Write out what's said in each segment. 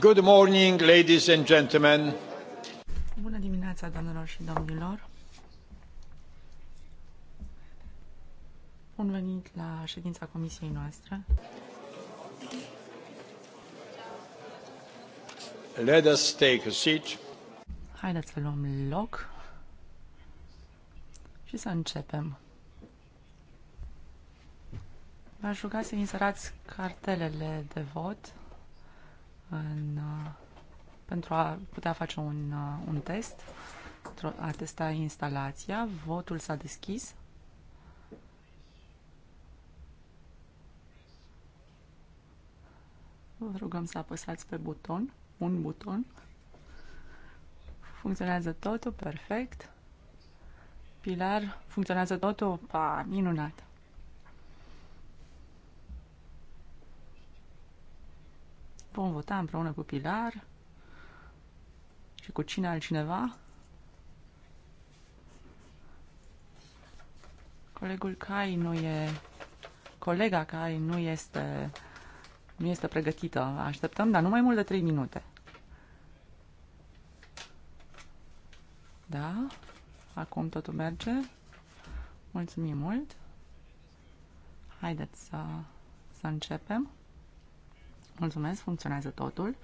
Good morning, ladies and gentlemen. Bună dimineața, doamnelor și domnilor. Bun venit la ședința comisiei noastre. Let us take a seat. Haideți să luăm loc și să începem. V-aș ruga să inserați cartelele de vot în, uh, pentru a putea face un, uh, un test, pentru a testa instalația. Votul s-a deschis. Vă rugăm să apăsați pe buton, un buton. Funcționează totul perfect. Pilar, funcționează totul? Pa, minunat! Vom vota împreună cu Pilar și cu cine altcineva. Colegul Cai nu e... Colega Cai nu este... Nu este pregătită. Așteptăm, dar nu mai mult de 3 minute. Da? Acum totul merge. Mulțumim mult. Haideți să, să începem. Mulțumesc, funcționează totul.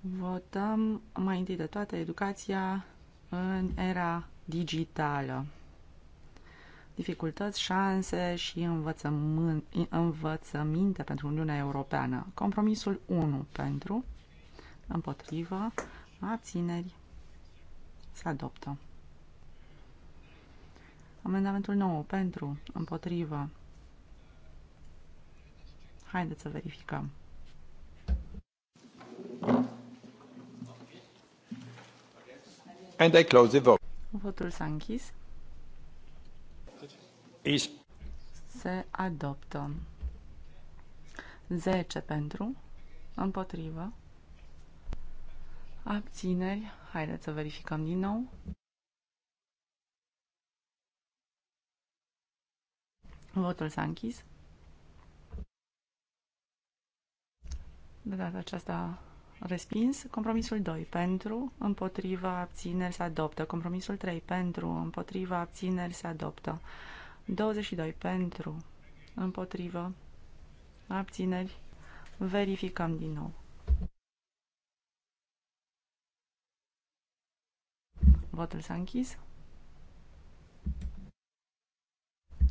Votăm mai întâi de toate educația în era digitală. Dificultăți, șanse și învățăminte pentru Uniunea Europeană. Compromisul 1 pentru, împotrivă, abțineri, se adoptă. Amendamentul 9 pentru, împotrivă. Haideți să verificăm. And I close the vote. Votul s-a închis. Is... Se adoptă. 10 pentru, împotrivă, abțineri. Haideți să verificăm din nou. Votul s-a închis. De data aceasta Respins. Compromisul 2. Pentru, împotriva, abțineri se adoptă. Compromisul 3. Pentru, împotriva, abțineri se adoptă. 22. Pentru, împotriva, abțineri. Verificăm din nou. Votul s-a închis.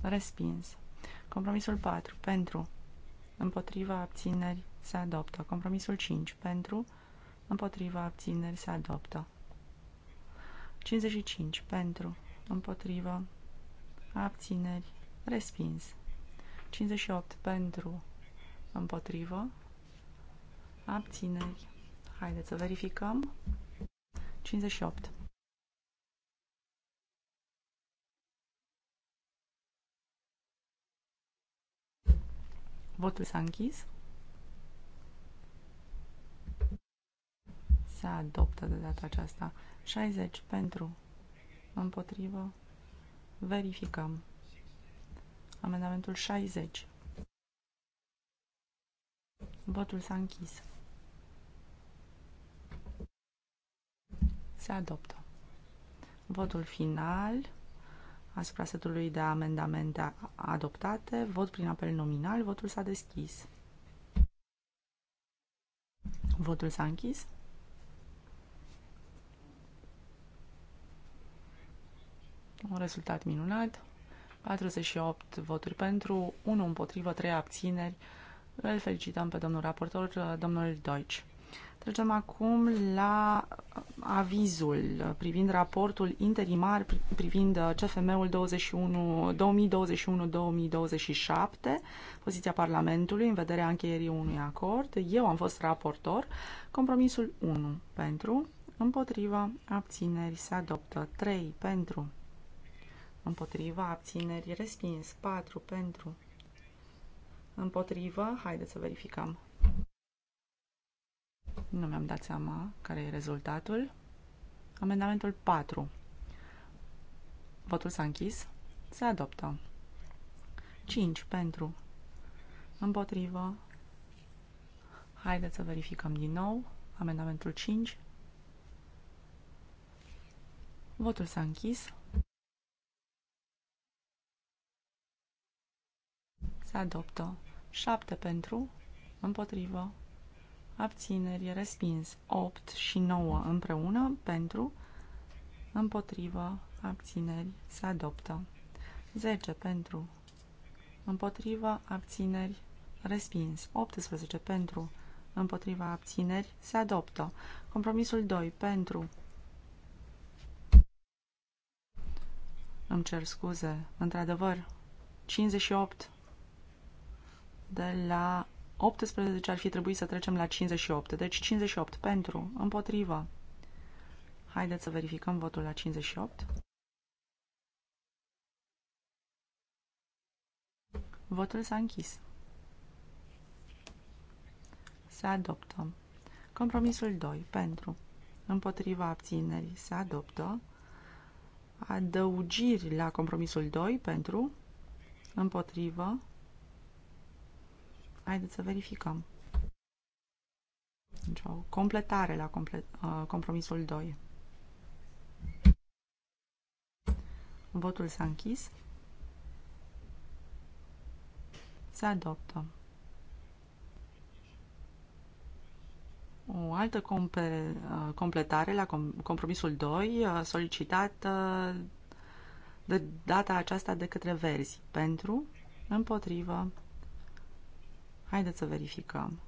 Respins. Compromisul 4. Pentru, împotriva abțineri se adoptă. Compromisul 5 pentru, împotriva abțineri se adoptă. 55 pentru, împotriva abțineri respins. 58 pentru, împotriva abțineri. Haideți să verificăm. 58. Votul s-a închis. Se adoptă de data aceasta. 60 pentru. Împotrivă. Verificăm. Amendamentul 60. Votul s-a închis. Se adoptă. Votul final asupra setului de amendamente adoptate. Vot prin apel nominal. Votul s-a deschis. Votul s-a închis. Un rezultat minunat. 48 voturi pentru, 1 împotrivă, 3 abțineri. Îl felicităm pe domnul raportor, domnul Deutsch. Trecem acum la uh, avizul privind raportul interimar privind uh, CFM-ul 2021-2027, poziția Parlamentului în vederea încheierii unui acord. Eu am fost raportor. Compromisul 1 pentru, împotriva, abțineri se adoptă 3 pentru, împotriva, abțineri respins 4 pentru, împotriva, haideți să verificăm. Nu mi-am dat seama care e rezultatul. Amendamentul 4. Votul s-a închis. Se adoptă. 5 pentru. Împotrivă. Haideți să verificăm din nou. Amendamentul 5. Votul s-a închis. Se adoptă. 7 pentru. Împotrivă abțineri, respins. 8 și 9 împreună, pentru, împotrivă, abțineri, se adoptă. 10 pentru, împotrivă, abțineri, respins. 18 pentru, împotriva, abțineri, se adoptă. Compromisul 2 pentru, îmi cer scuze, într-adevăr, 58 de la 18 ar fi trebuit să trecem la 58. Deci 58 pentru, împotriva. Haideți să verificăm votul la 58. Votul s-a închis. Se adoptă. Compromisul 2. Pentru. Împotriva abținerii. Se adoptă. Adăugiri la compromisul 2. Pentru. Împotrivă. Haideți să verificăm. Deci o completare la comple uh, compromisul 2. Votul s-a închis. Se adoptă. O altă comple uh, completare la com compromisul 2 uh, solicitată uh, de data aceasta de către verzi. Pentru, împotrivă, Haideți să verificăm.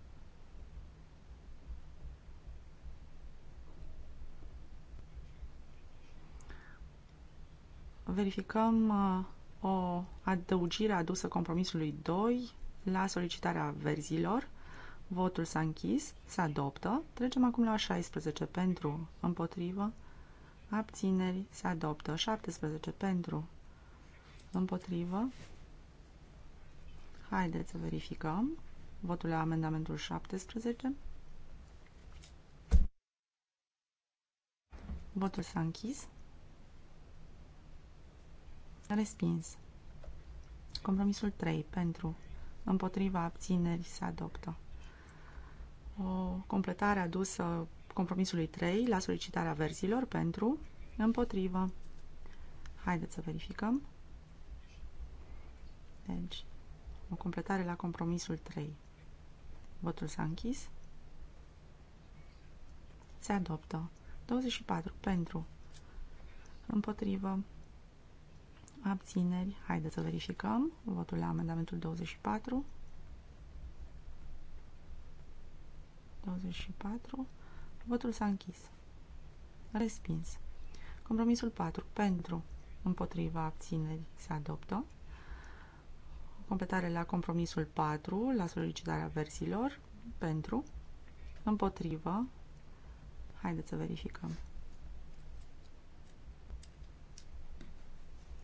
Verificăm uh, o adăugire adusă compromisului 2 la solicitarea verzilor. Votul s-a închis, se adoptă. Trecem acum la 16 pentru, împotrivă, abțineri, se adoptă. 17 pentru, împotrivă. Haideți să verificăm. Votul la amendamentul 17. Votul s-a închis. Respins. Compromisul 3. Pentru. Împotriva abțineri se adoptă. O completare adusă compromisului 3 la solicitarea verzilor pentru. Împotrivă. Haideți să verificăm. Deci, o completare la compromisul 3. Votul s-a închis. Se adoptă. 24 pentru. Împotrivă. Abțineri. Haideți să verificăm. Votul la amendamentul 24. 24. Votul s-a închis. Respins. Compromisul 4. Pentru. Împotriva abțineri se adoptă. Completare la compromisul 4, la solicitarea versiilor, pentru, împotrivă. Haideți să verificăm.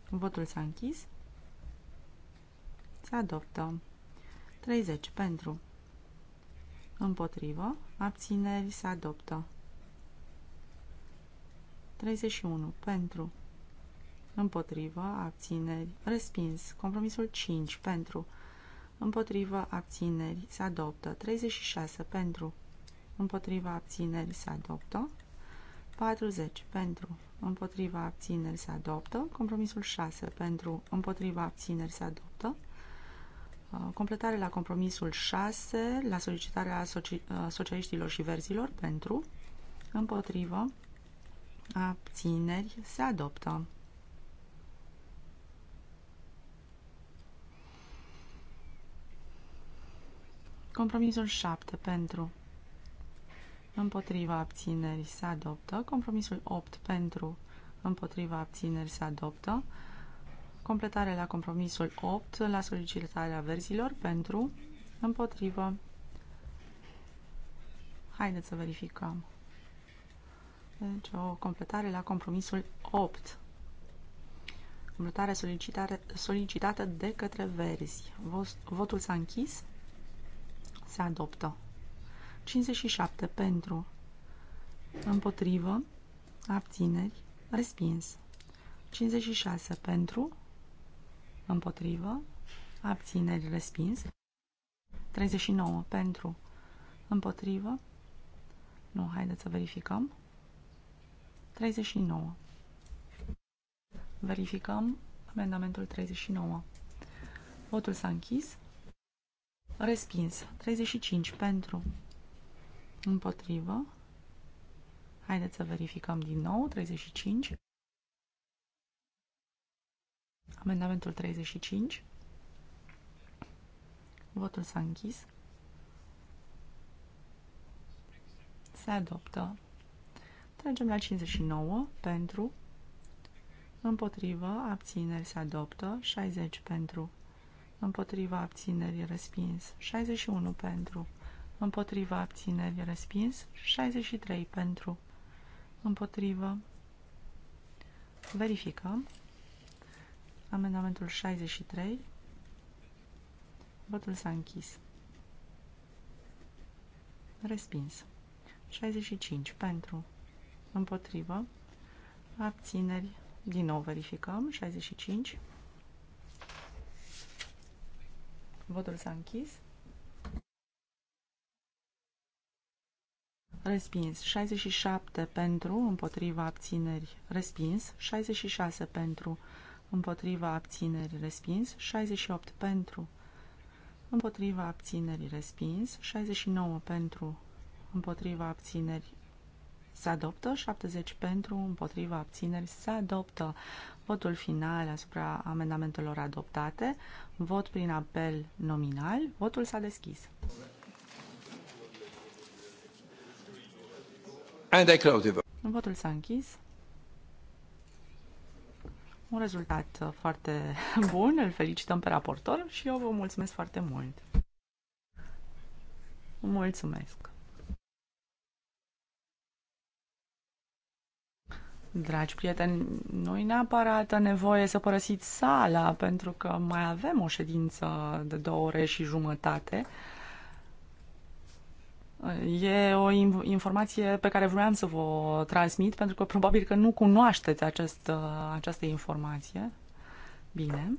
Votul s-a închis. Se adoptă. 30 pentru. Împotrivă. Abțineri se adoptă. 31 pentru împotrivă, abțineri, respins. Compromisul 5 pentru, împotrivă, abțineri, se adoptă. 36 pentru, împotrivă, abțineri, se adoptă. 40 pentru, împotriva abțineri se adoptă. Compromisul 6 pentru, împotriva abțineri se adoptă. Uh, completare la compromisul 6 la solicitarea uh, socialiștilor și verzilor pentru, împotrivă, abțineri se adoptă. Compromisul 7 pentru împotriva abținerii se adoptă. Compromisul 8 pentru împotriva abținerii se adoptă. Completare la compromisul 8 la solicitarea verzilor pentru împotrivă. Haideți să verificăm. Deci o completare la compromisul 8. Completare solicitată de către verzi. Votul s-a închis se adoptă. 57 pentru, împotrivă, abțineri, respins. 56 pentru, împotrivă, abțineri, respins. 39 pentru, împotrivă, nu, haideți să verificăm. 39. Verificăm amendamentul 39. Votul s-a închis. Respins. 35 pentru. Împotrivă. Haideți să verificăm din nou. 35. Amendamentul 35. Votul s-a închis. Se adoptă. Tragem la 59 pentru. Împotrivă. Abțineri se adoptă. 60 pentru împotriva abținerii respins, 61 pentru, împotriva abținerii respins, 63 pentru, împotriva. Verificăm. Amendamentul 63. Votul s-a închis. Respins. 65 pentru, împotrivă, abțineri, din nou verificăm, 65 Votul s-a închis. Respins. 67 pentru, împotriva abțineri. Respins. 66 pentru, împotriva abțineri. Respins. 68 pentru, împotriva abțineri, Respins. 69 pentru, împotriva abțineri se adoptă, 70 pentru, împotriva abțineri se adoptă. Votul final asupra amendamentelor adoptate, vot prin apel nominal, votul s-a deschis. And I close it. Votul s-a închis. Un rezultat uh, foarte bun, îl felicităm pe raportor și eu vă mulțumesc foarte mult. Mulțumesc! Dragi prieteni, nu i neapărat nevoie să părăsiți sala, pentru că mai avem o ședință de două ore și jumătate. E o informație pe care vreau să vă transmit, pentru că probabil că nu cunoașteți această, această informație. Bine.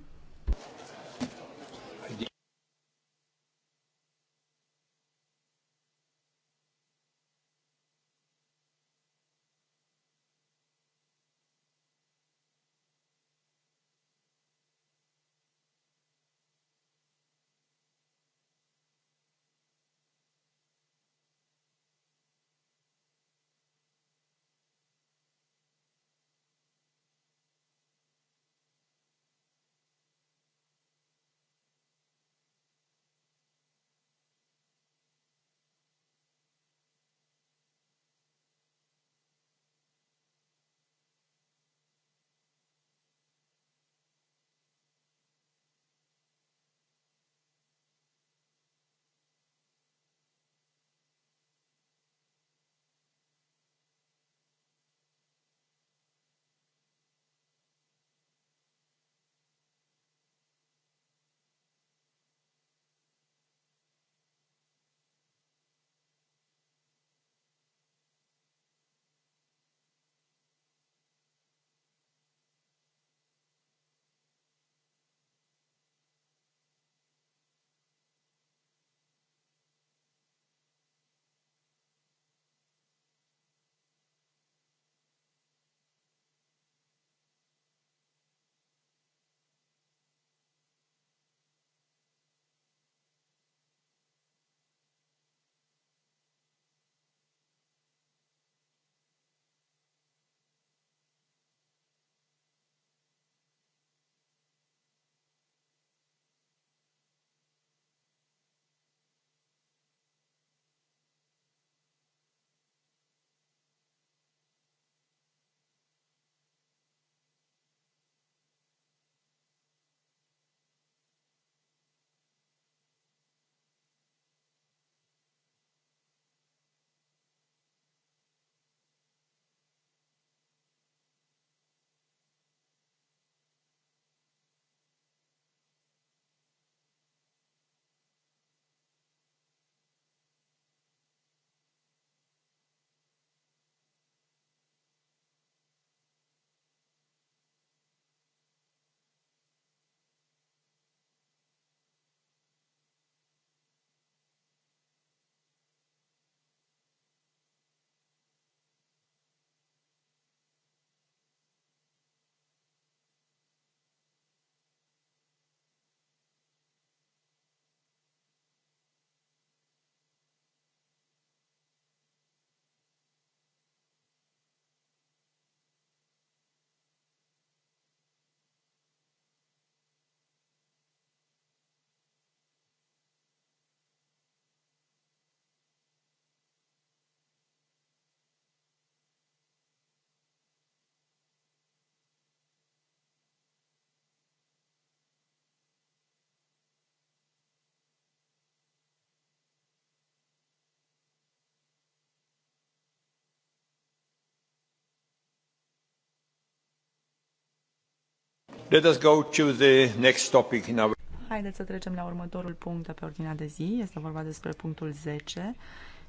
Let us go to the next topic in our... Haideți să trecem la următorul punct de pe ordinea de zi. Este vorba despre punctul 10,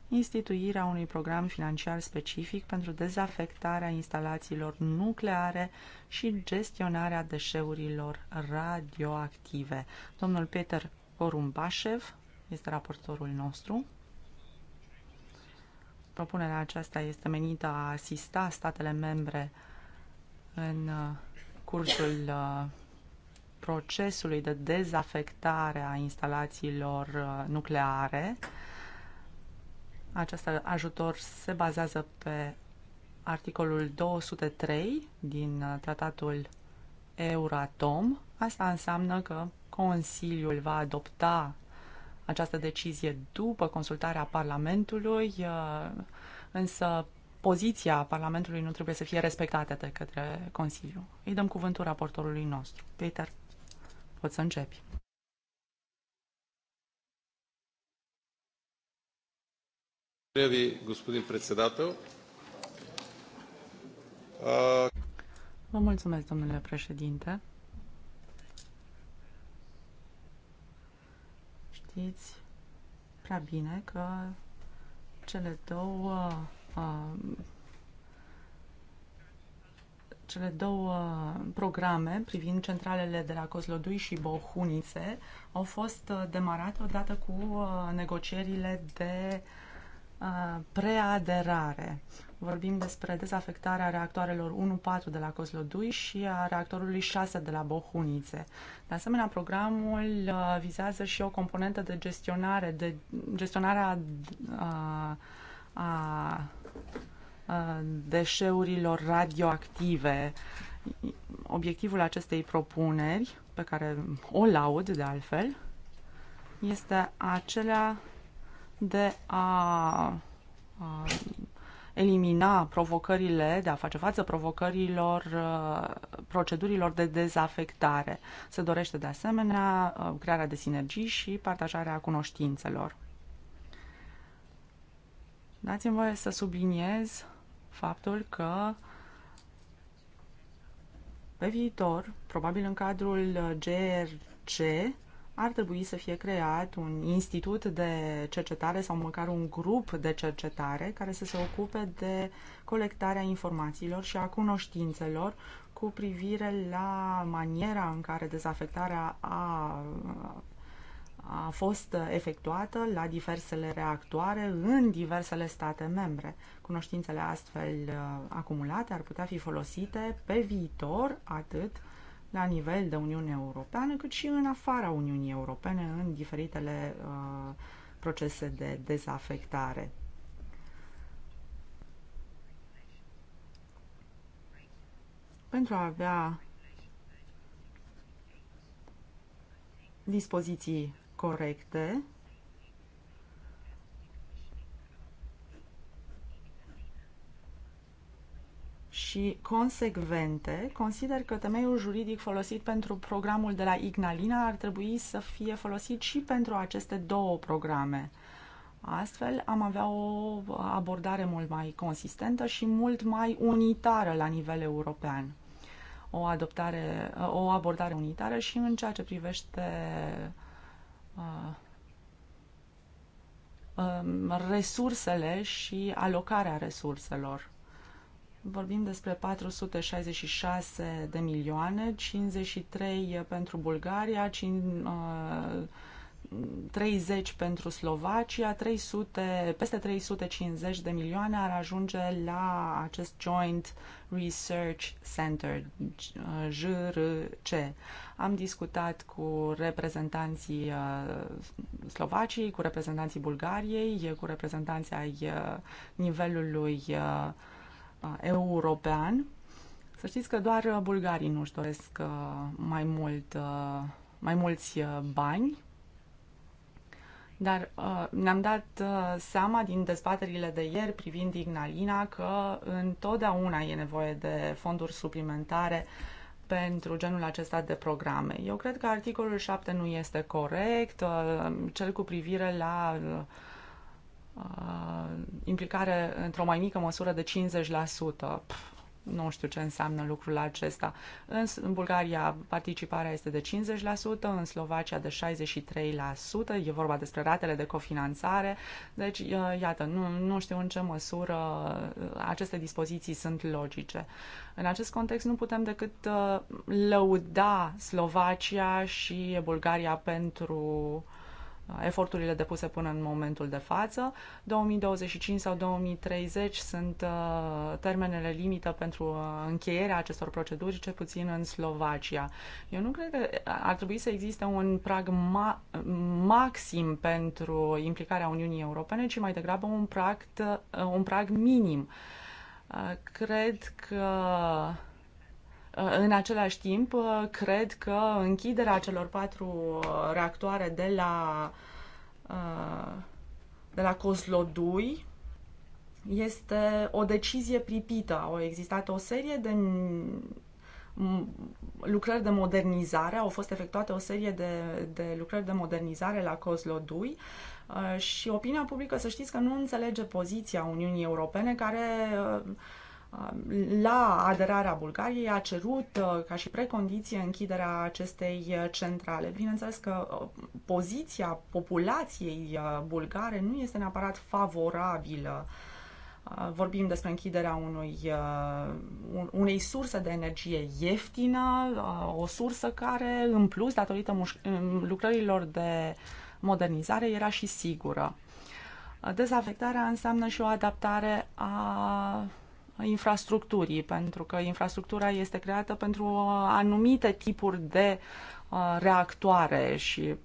instituirea unui program financiar specific pentru dezafectarea instalațiilor nucleare și gestionarea deșeurilor radioactive. Domnul Peter Porumbașev este raportorul nostru. Propunerea aceasta este menită a asista statele membre în uh, cursul uh, procesului de dezafectare a instalațiilor uh, nucleare. Acest ajutor se bazează pe articolul 203 din uh, tratatul Euratom. Asta înseamnă că Consiliul va adopta această decizie după consultarea Parlamentului, însă poziția Parlamentului nu trebuie să fie respectată de către Consiliu. Îi dăm cuvântul raportorului nostru. Peter, poți să începi. Vă mulțumesc, domnule președinte. Știți prea bine că cele două Uh, cele două programe privind centralele de la Kozlodui și Bohunice au fost uh, demarate odată cu uh, negocierile de preaderare. Vorbim despre dezafectarea reactoarelor 1-4 de la Kozlodui și a reactorului 6 de la Bohunice. De asemenea, programul vizează și o componentă de gestionare, de gestionarea a, a deșeurilor radioactive. Obiectivul acestei propuneri, pe care o laud de altfel, este acela de a elimina provocările, de a face față provocărilor procedurilor de dezafectare. Se dorește de asemenea crearea de sinergii și partajarea cunoștințelor. Dați-mi voie să subliniez faptul că pe viitor, probabil în cadrul uh, GRC, ar trebui să fie creat un institut de cercetare sau măcar un grup de cercetare care să se ocupe de colectarea informațiilor și a cunoștințelor cu privire la maniera în care dezafectarea a a fost efectuată la diversele reactoare în diversele state membre. Cunoștințele astfel uh, acumulate ar putea fi folosite pe viitor atât la nivel de Uniune Europeană, cât și în afara Uniunii Europene, în diferitele uh, procese de dezafectare. Pentru a avea dispoziții corecte. și consecvente, consider că temeiul juridic folosit pentru programul de la Ignalina ar trebui să fie folosit și pentru aceste două programe. Astfel am avea o abordare mult mai consistentă și mult mai unitară la nivel european. O, adoptare, o abordare unitară și în ceea ce privește Um, resursele și alocarea resurselor. Vorbim despre 466 de milioane, 53 pentru Bulgaria, 5, 30 pentru Slovacia, 300, peste 350 de milioane ar ajunge la acest Joint Research Center, JRC. Am discutat cu reprezentanții uh, Slovaciei, cu reprezentanții Bulgariei, cu reprezentanții ai uh, nivelului uh, european. Să știți că doar bulgarii nu-și doresc mai mult mai mulți bani dar uh, ne-am dat uh, seama din dezbaterile de ieri privind Ignalina că întotdeauna e nevoie de fonduri suplimentare pentru genul acesta de programe. Eu cred că articolul 7 nu este corect, uh, cel cu privire la uh, implicare într-o mai mică măsură de 50%. Pf, nu știu ce înseamnă lucrul acesta. În, în Bulgaria participarea este de 50%, în Slovacia de 63%, e vorba despre ratele de cofinanțare, deci ă, iată, nu, nu știu în ce măsură ă, aceste dispoziții sunt logice. În acest context nu putem decât ă, lăuda Slovacia și Bulgaria pentru uh, eforturile depuse până în momentul de față. 2025 sau 2030 sunt uh, termenele limită pentru uh, încheierea acestor proceduri, ce puțin în Slovacia. Eu nu cred că ar trebui să existe un prag ma- maxim pentru implicarea Uniunii Europene, ci mai degrabă un prag, uh, un prag minim. Cred că Uh, în același timp, uh, cred că închiderea celor patru uh, reactoare de la, de la Coslodui este o decizie pripită. Au existat o serie de lucrări de modernizare, au fost efectuate o serie de, de lucrări de modernizare la Coslodui și opinia publică, să știți că nu înțelege poziția Uniunii Europene care uh, la aderarea Bulgariei a cerut uh, ca și precondiție închiderea acestei centrale. Bineînțeles că uh, poziția populației uh, bulgare nu este neapărat favorabilă. Vorbim despre închiderea unui, unei surse de energie ieftină, o sursă care, în plus, datorită lucrărilor de modernizare, era și sigură. Dezafectarea înseamnă și o adaptare a infrastructurii, pentru că infrastructura este creată pentru uh, anumite tipuri de uh, reactoare și,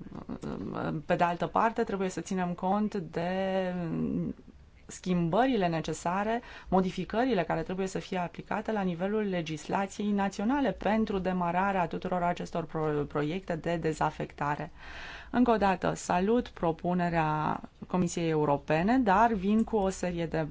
uh, pe de altă parte, trebuie să ținem cont de mm, schimbările necesare, modificările care trebuie să fie aplicate la nivelul legislației naționale pentru demararea tuturor acestor pro- proiecte de dezafectare. Încă o dată, salut propunerea Comisiei Europene, dar vin cu o serie de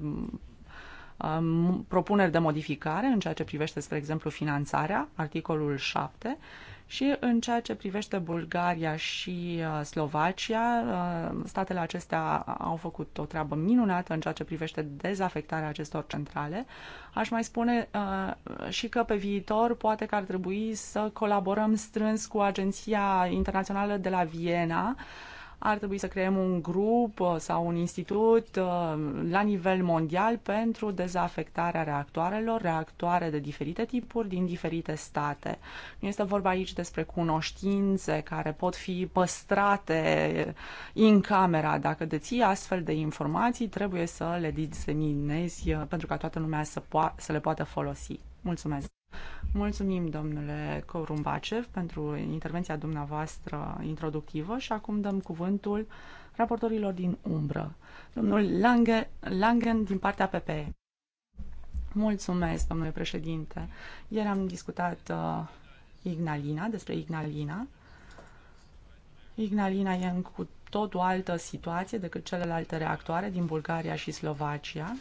propuneri de modificare în ceea ce privește, spre exemplu, finanțarea, articolul 7, și în ceea ce privește Bulgaria și uh, Slovacia, uh, statele acestea au făcut o treabă minunată în ceea ce privește dezafectarea acestor centrale. Aș mai spune uh, și că pe viitor poate că ar trebui să colaborăm strâns cu Agenția Internațională de la Viena, ar trebui să creăm un grup uh, sau un institut uh, la nivel mondial pentru dezafectarea reactoarelor, reactoare de diferite tipuri din diferite state. Nu este vorba aici despre cunoștințe care pot fi păstrate în camera. Dacă deții astfel de informații, trebuie să le diseminezi uh, pentru ca toată lumea să, să le poată folosi. Mulțumesc! Mulțumim, domnule Corumbacev, pentru intervenția dumneavoastră introductivă și acum dăm cuvântul raportorilor din umbră. Domnul Lange, Langen din partea PPE. Mulțumesc, domnule președinte. Ieri am discutat uh, Ignalina, despre Ignalina. Ignalina e în cu tot o altă situație decât celelalte reactoare din Bulgaria și Slovacia.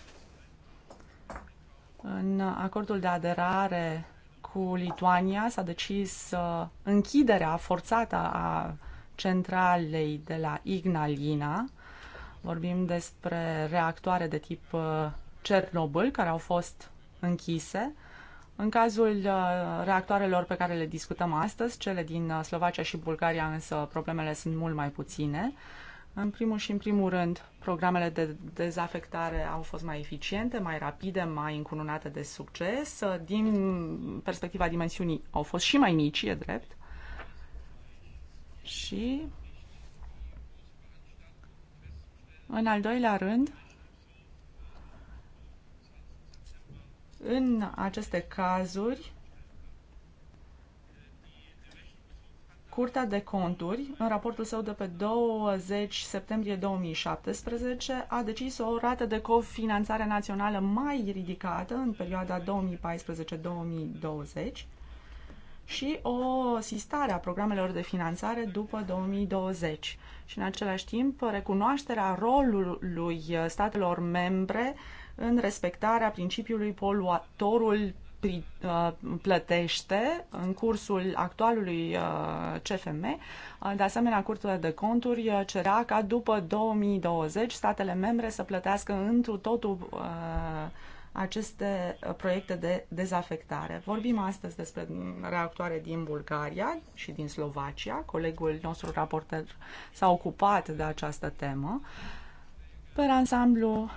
În acordul de aderare cu Lituania s-a decis uh, închiderea forțată a centralei de la Ignalina. Vorbim despre reactoare de tip uh, Cernobâl care au fost închise. În cazul uh, reactoarelor pe care le discutăm astăzi, cele din Slovacia și Bulgaria, însă problemele sunt mult mai puține. În primul și în primul rând, programele de dezafectare au fost mai eficiente, mai rapide, mai încununate de succes. Din perspectiva dimensiunii au fost și mai mici, e drept. Și în al doilea rând, în aceste cazuri, Curtea de Conturi, în raportul său de pe 20 septembrie 2017, a decis o rată de cofinanțare națională mai ridicată în perioada 2014-2020 și o sistare a programelor de finanțare după 2020. Și în același timp, recunoașterea rolului statelor membre în respectarea principiului poluatorul Uh, plătește în cursul actualului uh, CFM. Uh, de asemenea, Curtea de Conturi cerea ca după 2020 statele membre să plătească întru totul aceste proiecte de dezafectare. Vorbim astăzi despre reactoare din Bulgaria și din Slovacia. Colegul nostru raporter s-a ocupat de această temă. Pe ansamblu,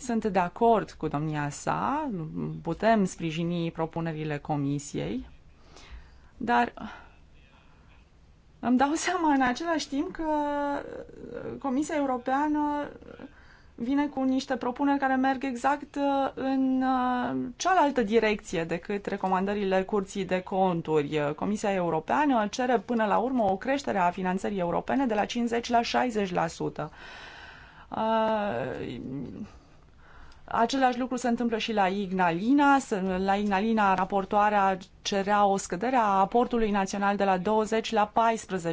sunt de acord cu domnia sa, putem sprijini propunerile comisiei, dar îmi dau seama în același timp că Comisia Europeană vine cu niște propuneri care merg exact uh, în uh, cealaltă direcție decât recomandările Curții de Conturi. Uh, Comisia Europeană cere până la urmă o creștere a finanțării europene de la 50 la 60%. Același lucru se întâmplă și la Ignalina. La Ignalina raportoarea cerea o scădere a aportului național de la 20 la 14%.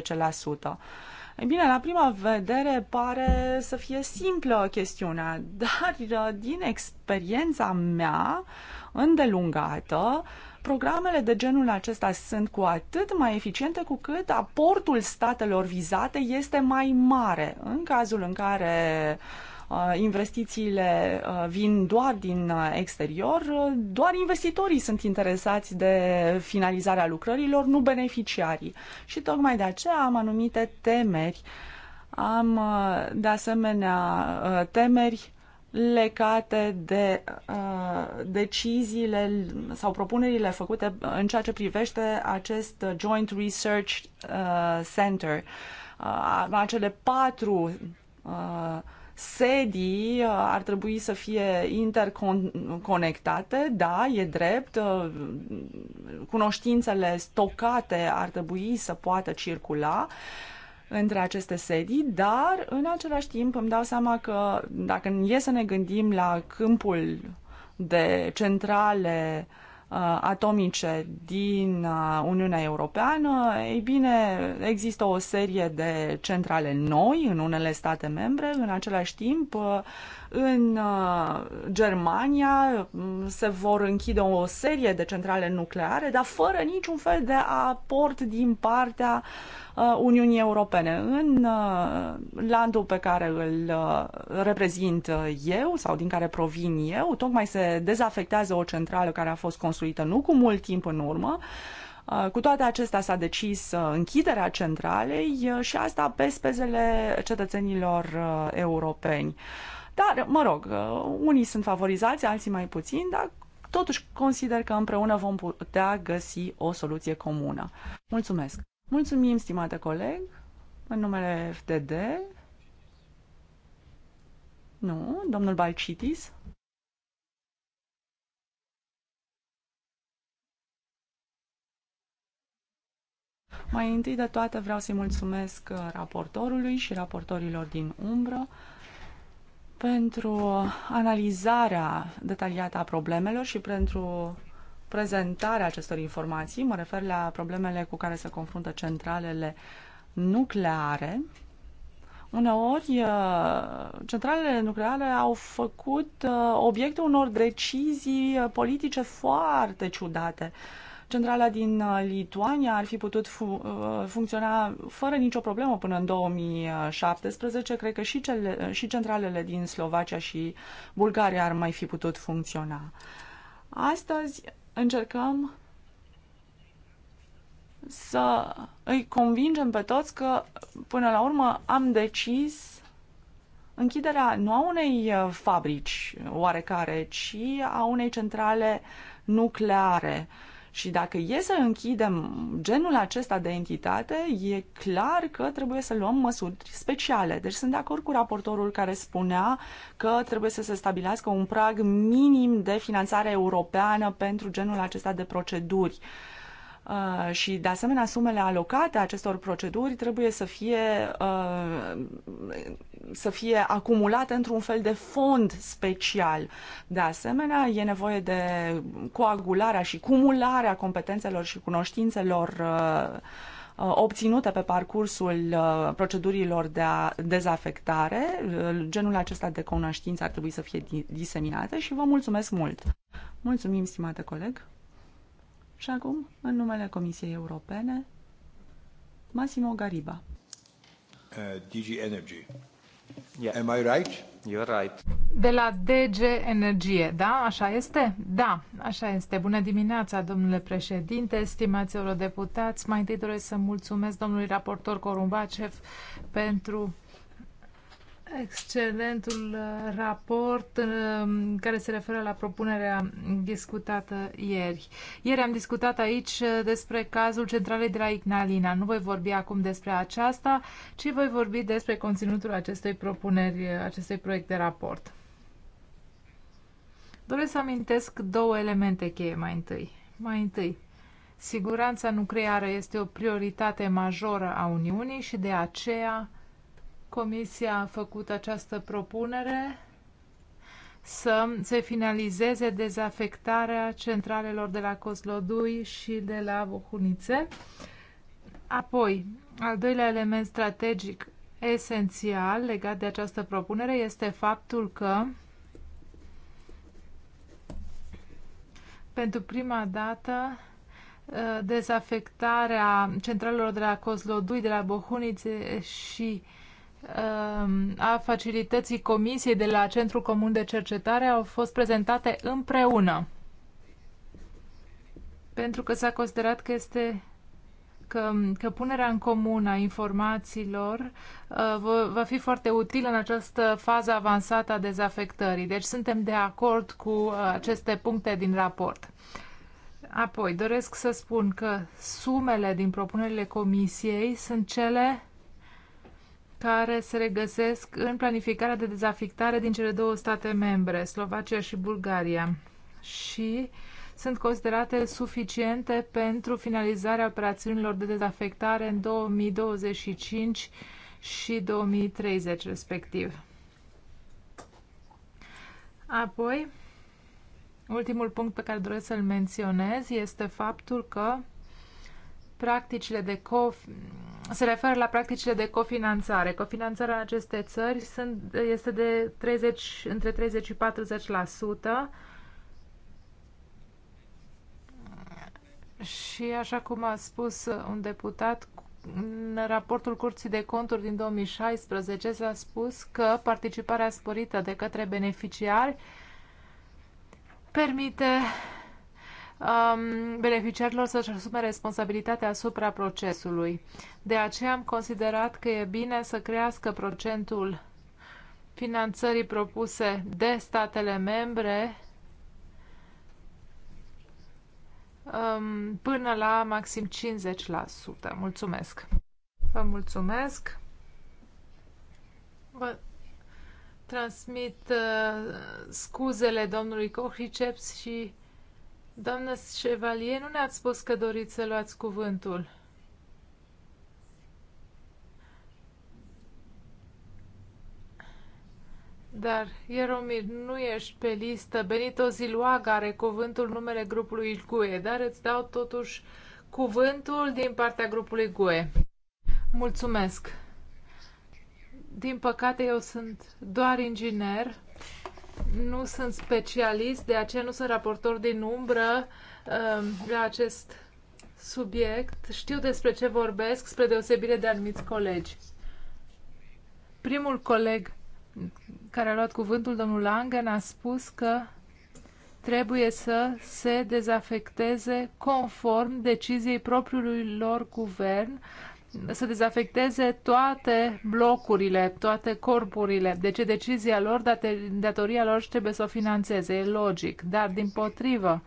Ei bine, la prima vedere pare să fie simplă chestiunea, dar uh, din experiența mea îndelungată, programele de genul acesta sunt cu atât mai eficiente cu cât aportul statelor vizate este mai mare. În cazul în care uh, Uh, investițiile uh, vin doar din uh, exterior, doar investitorii sunt interesați de finalizarea lucrărilor, nu beneficiarii. Și tocmai de aceea am anumite temeri. Am de asemenea temeri legate de uh, deciziile sau propunerile făcute în ceea ce privește acest Joint Research uh, Center, uh, acele patru uh, Sedii uh, ar trebui să fie interconectate, da, e drept. Uh, cunoștințele stocate ar trebui să poată circula între aceste sedii, dar în același timp îmi dau seama că dacă e să ne gândim la câmpul de centrale uh, Uh, atomice din uh, Uniunea Europeană, ei bine, există o serie de centrale noi în unele state membre, în același timp uh, în uh, Germania mm, se vor închide o serie de centrale nucleare, dar fără niciun fel de aport din partea uh, Uniunii Europene. În uh, landul pe care îl reprezint eu sau din care provin eu, tocmai se dezafectează o centrală care a fost construită nu cu mult timp în urmă, cu toate acestea s-a decis închiderea centralei și asta pe spezele cetățenilor europeni. Dar, mă rog, uh, unii sunt favorizați, alții mai puțin, dar totuși consider că împreună vom putea găsi o soluție comună. Mulțumesc! Mulțumim, stimate coleg, în numele FDD. Nu, domnul Balcitis. Mai întâi de toate vreau să-i mulțumesc uh, raportorului și raportorilor din umbră pentru analizarea detaliată a problemelor și pentru prezentarea acestor informații. Mă refer la problemele cu care se confruntă centralele nucleare. Uneori, uh, centralele nucleare au făcut uh, obiectul unor decizii politice foarte ciudate. Uh, Centrala din uh, Lituania ar fi putut fu- uh, funcționa fără nicio problemă până în 2017. Cred că și, cele, uh, și centralele din Slovacia și Bulgaria ar mai fi putut funcționa. Astăzi încercăm să îi convingem pe toți că, până la urmă, am decis închiderea nu a unei fabrici oarecare, ci a unei centrale nucleare. Și dacă e să închidem genul acesta de entitate, e clar că trebuie să luăm măsuri speciale. Deci sunt de acord cu raportorul care spunea că trebuie să se stabilească un prag minim de finanțare europeană pentru genul acesta de proceduri. Uh, și, de asemenea, sumele alocate acestor proceduri trebuie să fie uh, să fie acumulate într-un fel de fond special. De asemenea, e nevoie de coagularea și cumularea competențelor și cunoștințelor uh, uh, obținute pe parcursul uh, procedurilor de a, dezafectare. Genul acesta de cunoștință ar trebui să fie diseminate și vă mulțumesc mult. Mulțumim, stimate coleg. Și acum, în numele Comisiei Europene, Massimo Gariba. Uh, DG Energy. Yeah. Am I right? You're right. De la DG Energie, da? Așa este? Da, așa este. Bună dimineața, domnule președinte, stimați eurodeputați. Mai întâi doresc să mulțumesc domnului raportor Corumbacev pentru excelentul uh, raport uh, care se referă la propunerea discutată ieri. Ieri am discutat aici uh, despre cazul centralei de la Ignalina. Nu voi vorbi acum despre aceasta, ci voi vorbi despre conținutul acestei propuneri, acestui proiect de raport. Doresc să amintesc două elemente cheie mai întâi. Mai întâi, siguranța nucleară este o prioritate majoră a Uniunii și de aceea Comisia a făcut această propunere să se finalizeze dezafectarea centralelor de la Coslodui și de la Vohunițe. Apoi, al doilea element strategic esențial legat de această propunere este faptul că pentru prima dată ă, dezafectarea centralelor de la Coslodui, de la Bohunițe și uh, Um, a facilității Comisiei de la Centrul Comun de Cercetare au fost prezentate împreună. Pentru că s-a considerat că este că, că punerea în comun a informațiilor uh, va fi foarte utilă în această fază avansată a dezafectării. Deci suntem de acord cu uh, aceste puncte din raport. Apoi, doresc să spun că sumele din propunerile comisiei sunt cele care se regăsesc în planificarea de dezafectare din cele două state membre, Slovacia și Bulgaria, și sunt considerate suficiente pentru finalizarea operațiunilor de dezafectare în 2025 și 2030, respectiv. Apoi, ultimul punct pe care doresc să-l menționez este faptul că practicile de co se referă la practicile de cofinanțare. Cofinanțarea în aceste țări sunt, este de 30, între 30 și 40%. Și așa cum a spus un deputat, în raportul Curții de Conturi din 2016 s-a spus că participarea sporită de către beneficiari permite um, beneficiarilor să-și asume responsabilitatea asupra procesului. De aceea am considerat că e bine să crească procentul finanțării propuse de statele membre um, până la maxim 50%. Mulțumesc! Vă mulțumesc! Vă transmit uh, scuzele domnului Cohriceps și Doamnă Chevalier, nu ne-ați spus că doriți să luați cuvântul. Dar, Ieromir, nu ești pe listă. Benito Ziluaga are cuvântul numele grupului GUE, dar îți dau totuși cuvântul din partea grupului GUE. Mulțumesc! Din păcate, eu sunt doar inginer nu sunt specialist, de aceea nu sunt raportor din umbră um, la acest subiect. Știu despre ce vorbesc, spre deosebire de anumiți colegi. Primul coleg care a luat cuvântul, domnul Langen, a spus că trebuie să se dezafecteze conform deciziei propriului lor guvern să dezafecteze toate blocurile, toate corpurile. Deci decizia lor, datoria lor și trebuie să o financeze, e logic. Dar, din potrivă,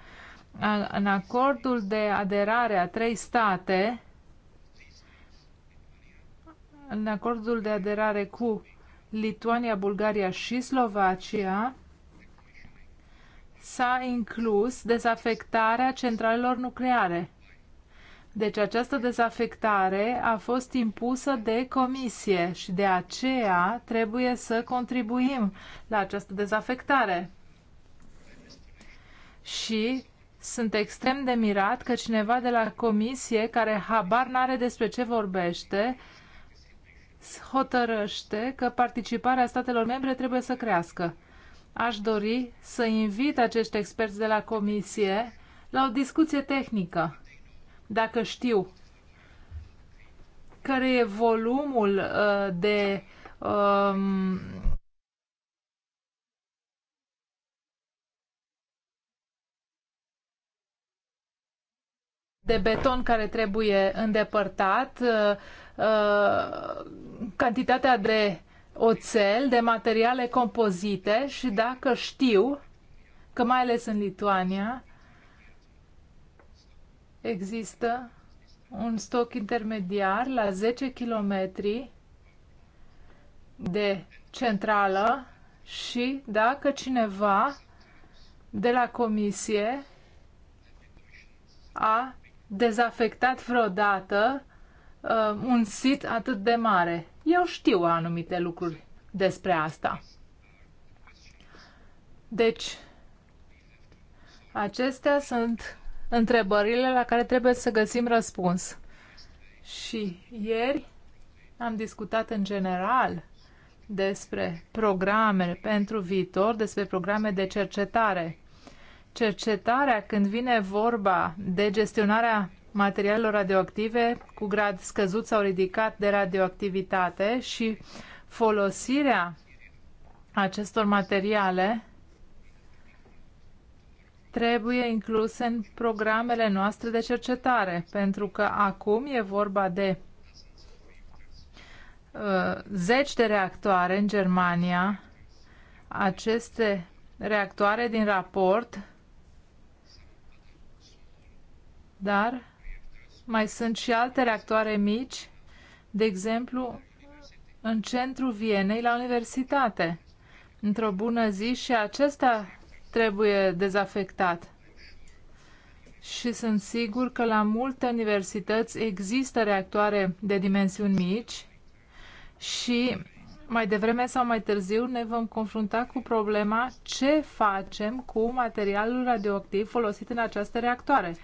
în acordul de aderare a trei state, în acordul de aderare cu Lituania, Bulgaria și Slovacia, s-a inclus dezafectarea centralelor nucleare deci această dezafectare a fost impusă de comisie și de aceea trebuie să contribuim la această dezafectare. Și sunt extrem de mirat că cineva de la comisie care habar n-are despre ce vorbește hotărăște că participarea statelor membre trebuie să crească. Aș dori să invit acești experți de la comisie la o discuție tehnică dacă știu care e volumul uh, de um, de beton care trebuie îndepărtat, uh, uh, cantitatea de oțel, de materiale compozite și dacă știu că mai ales în Lituania există un stoc intermediar la 10 km de centrală și dacă cineva de la comisie a dezafectat vreodată uh, un sit atât de mare. Eu știu anumite lucruri despre asta. Deci, acestea sunt întrebările la care trebuie să găsim răspuns. Și ieri am discutat în general despre programe pentru viitor, despre programe de cercetare. Cercetarea, când vine vorba de gestionarea materialelor radioactive cu grad scăzut sau ridicat de radioactivitate și folosirea acestor materiale trebuie incluse în programele noastre de cercetare, pentru că acum e vorba de uh, zeci de reactoare în Germania. Aceste reactoare din raport, dar mai sunt și alte reactoare mici, de exemplu, în centrul Vienei la universitate. Într-o bună zi și acestea trebuie dezafectat. Și sunt sigur că la multe universități există reactoare de dimensiuni mici și mai devreme sau mai târziu ne vom confrunta cu problema ce facem cu materialul radioactiv folosit în această reactoare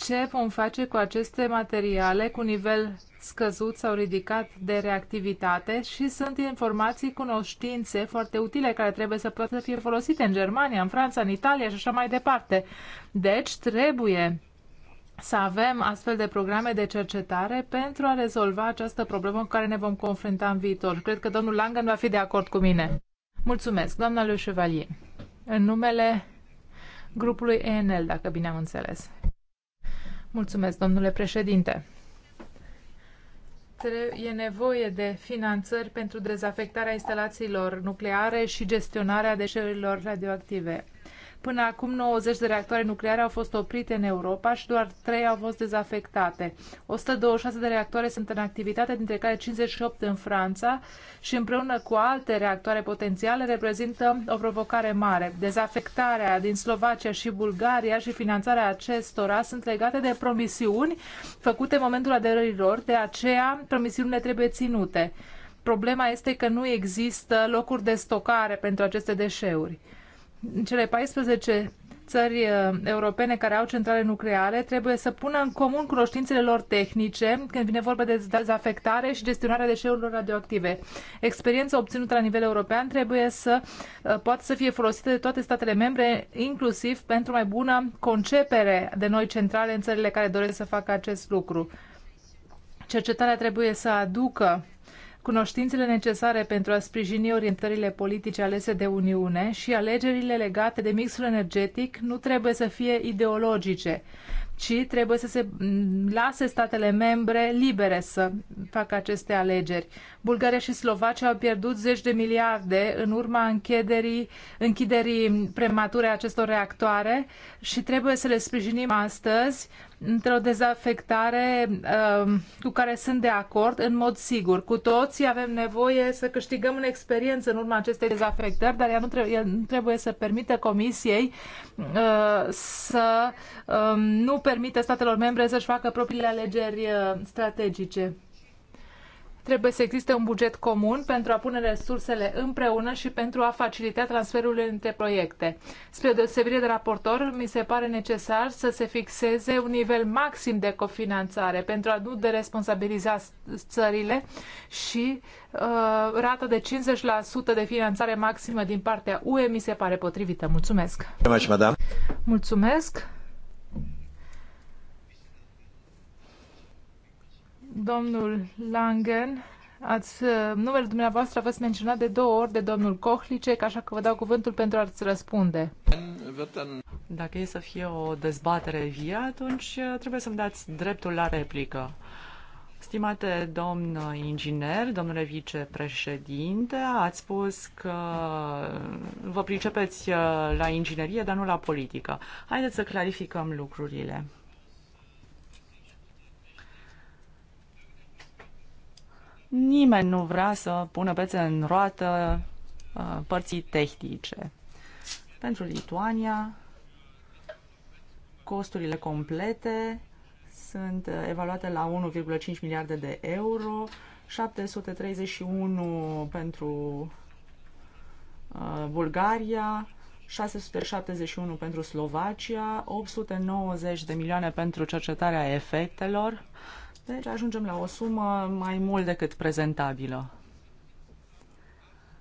ce vom face cu aceste materiale cu nivel scăzut sau ridicat de reactivitate și sunt informații, cunoștințe foarte utile care trebuie să poată fi folosite în Germania, în Franța, în Italia și așa mai departe. Deci trebuie să avem astfel de programe de cercetare pentru a rezolva această problemă cu care ne vom confrunta în viitor. Cred că domnul Langen va fi de acord cu mine. Mulțumesc, doamna Le Chevalier. În numele grupului ENL, dacă bine am înțeles. Mulțumesc, domnule președinte. E nevoie de finanțări pentru dezafectarea instalațiilor nucleare și gestionarea deșeurilor radioactive. Până acum 90 de reactoare nucleare au fost oprite în Europa și doar 3 au fost dezafectate. 126 de reactoare sunt în activitate, dintre care 58 în Franța și împreună cu alte reactoare potențiale reprezintă o provocare mare. Dezafectarea din Slovacia și Bulgaria și finanțarea acestora sunt legate de promisiuni făcute în momentul aderării lor, de aceea promisiunile trebuie ținute. Problema este că nu există locuri de stocare pentru aceste deșeuri cele 14 țări uh, europene care au centrale nucleare trebuie să pună în comun cunoștințele lor tehnice când vine vorba de dezafectare și gestionarea deșeurilor radioactive. Experiența obținută la nivel european trebuie să uh, poată să fie folosită de toate statele membre, inclusiv pentru mai bună concepere de noi centrale în țările care doresc să facă acest lucru. Cercetarea trebuie să aducă cunoștințele necesare pentru a sprijini orientările politice alese de Uniune și alegerile legate de mixul energetic nu trebuie să fie ideologice, ci trebuie să se lase statele membre libere să facă aceste alegeri. Bulgaria și Slovacia au pierdut zeci de miliarde în urma închiderii, închiderii premature a acestor reactoare și trebuie să le sprijinim astăzi într-o dezafectare uh, cu care sunt de acord în mod sigur. Cu toții avem nevoie să câștigăm în experiență în urma acestei dezafectări, dar ea nu, trebuie, ea nu trebuie să permită Comisiei uh, să uh, nu permită statelor membre să-și facă propriile alegeri uh, strategice. Trebuie să existe un buget comun pentru a pune resursele împreună și pentru a facilita transferurile între proiecte. Spre deosebire de raportor, mi se pare necesar să se fixeze un nivel maxim de cofinanțare pentru a nu deresponsabiliza țările și uh, rata de 50% de finanțare maximă din partea UE mi se pare potrivită. Mulțumesc! Mulțumesc! Mulțumesc. domnul Langen, ați, uh, numele dumneavoastră a fost menționat de două ori de domnul Kohlicek, așa că vă dau cuvântul pentru a-ți răspunde. Dacă e să fie o dezbatere vie, atunci uh, trebuie să-mi dați dreptul la replică. Stimate domn inginer, domnule vicepreședinte, ați spus că vă pricepeți uh, la inginerie, dar nu la politică. Haideți să clarificăm lucrurile. Nimeni nu vrea să pună pețe în roată uh, părții tehnice. Pentru Lituania, costurile complete sunt uh, evaluate la 1,5 miliarde de euro, 731 pentru uh, Bulgaria, 671 pentru Slovacia, 890 de milioane pentru cercetarea efectelor, deci ajungem la o sumă mai mult decât prezentabilă.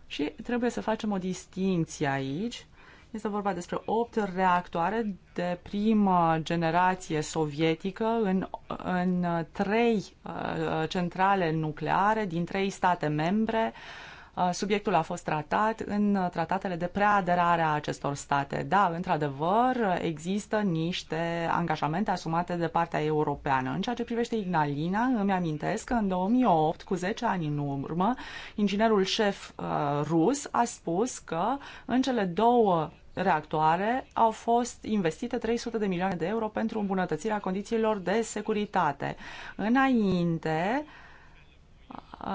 Și trebuie să facem o distinție aici. Este vorba despre 8 reactoare de primă generație sovietică în, în 3 uh, centrale nucleare din 3 state membre uh, Subiectul a fost tratat în tratatele de preaderare a acestor state. Da, într-adevăr, există niște angajamente asumate de partea europeană. În ceea ce privește Ignalina, îmi amintesc că în 2008, cu 10 ani în urmă, inginerul șef uh, rus a spus că în cele două reactoare au fost investite 300 de milioane de euro pentru îmbunătățirea condițiilor de securitate. Înainte, uh,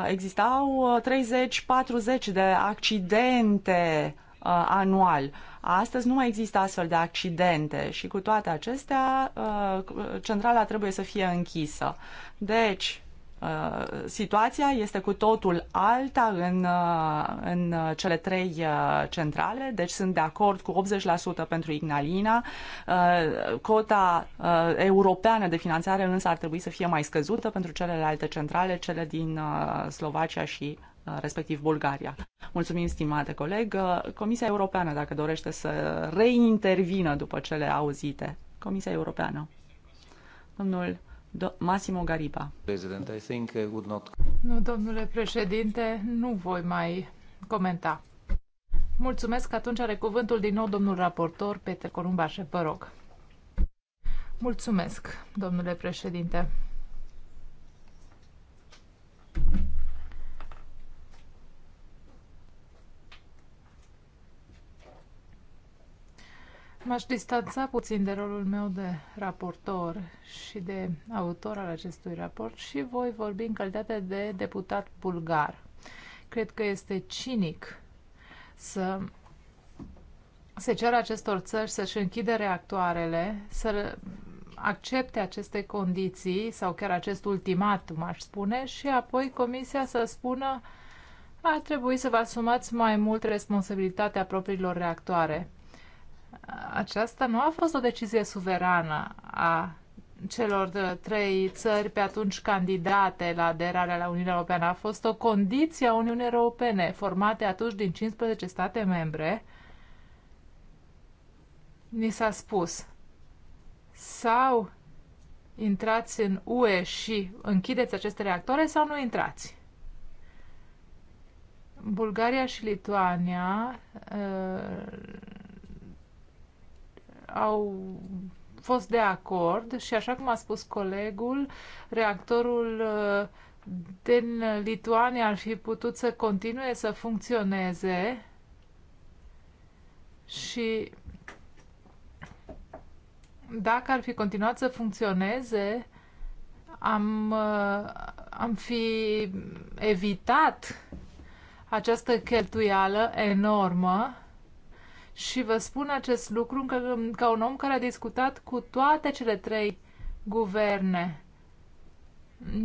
existau 30-40 uh, de accidente uh, anual. Astăzi nu mai există astfel de accidente și cu toate acestea uh, centrala trebuie să fie închisă. Deci, Uh, situația este cu totul alta în, uh, în cele trei uh, centrale, deci sunt de acord cu 80% pentru Ignalina. Cota europeană de finanțare însă ar trebui să fie mai scăzută pentru celelalte centrale, cele din Slovacia și respectiv Bulgaria. Mulțumim, stimate coleg. Comisia Europeană, dacă dorește să reintervină după cele auzite. Comisia Europeană. Domnul Do- Massimo Gariba. President, I think I uh, would not... Nu, domnule președinte, nu voi mai comenta. Mulțumesc. Atunci are cuvântul din nou domnul raportor Peter Columbașe. Vă rog. Mulțumesc, domnule președinte. M-aș distanța puțin de rolul meu de raportor și de autor al acestui raport și voi vorbi în calitate de deputat bulgar. Cred că este cinic să se ceară acestor țări să-și închide reactoarele, să accepte aceste condiții sau chiar acest ultimatum, aș spune, și apoi Comisia să spună ar trebui să vă asumați mai mult responsabilitatea propriilor reactoare aceasta nu a fost o decizie suverană a celor de trei țări pe atunci candidate la aderarea la Uniunea Europeană. A fost o condiție a Uniunii Europene, formate atunci din 15 state membre. Ni s-a spus, sau intrați în UE și închideți aceste reactoare sau nu intrați. Bulgaria și Lituania uh, au fost de acord și, așa cum a spus colegul, reactorul uh, din Lituania ar fi putut să continue să funcționeze și dacă ar fi continuat să funcționeze, am, uh, am fi evitat această cheltuială enormă și vă spun acest lucru că, ca un om care a discutat cu toate cele trei guverne.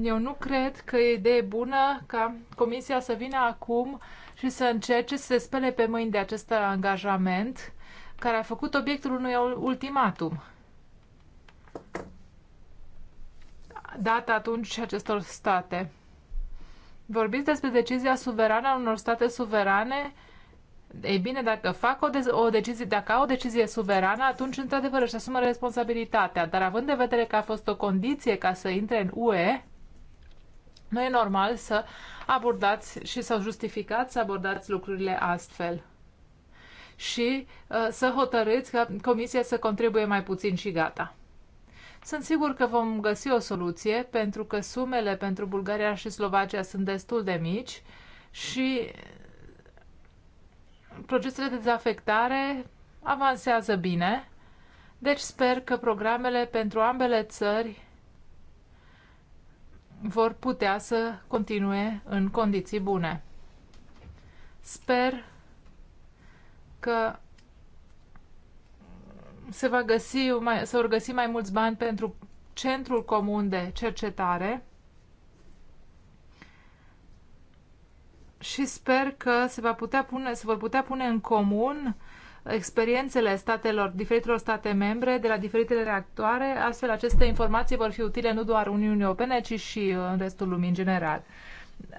Eu nu cred că e idee bună ca Comisia să vină acum și să încerce să se spele pe mâini de acest angajament care a făcut obiectul unui ultimatum. Dat atunci acestor state. Vorbiți despre decizia suverană a unor state suverane ei bine, dacă fac o, de- o decizie, dacă au o decizie suverană, atunci într-adevăr își asumă responsabilitatea. Dar având în vedere că a fost o condiție ca să intre în UE, nu e normal să abordați și să justificați să abordați lucrurile astfel și uh, să hotărâți că comisia să contribuie mai puțin și gata. Sunt sigur că vom găsi o soluție pentru că sumele pentru Bulgaria și Slovacia sunt destul de mici și procesele de dezafectare avansează bine, deci sper că programele pentru ambele țări vor putea să continue în condiții bune. Sper că se va găsi, se vor găsi mai mulți bani pentru Centrul Comun de Cercetare și sper că se, va putea pune, se vor putea pune în comun experiențele statelor, diferitelor state membre de la diferitele reactoare, astfel aceste informații vor fi utile nu doar Uniunii Europene, ci și uh, în restul lumii în general.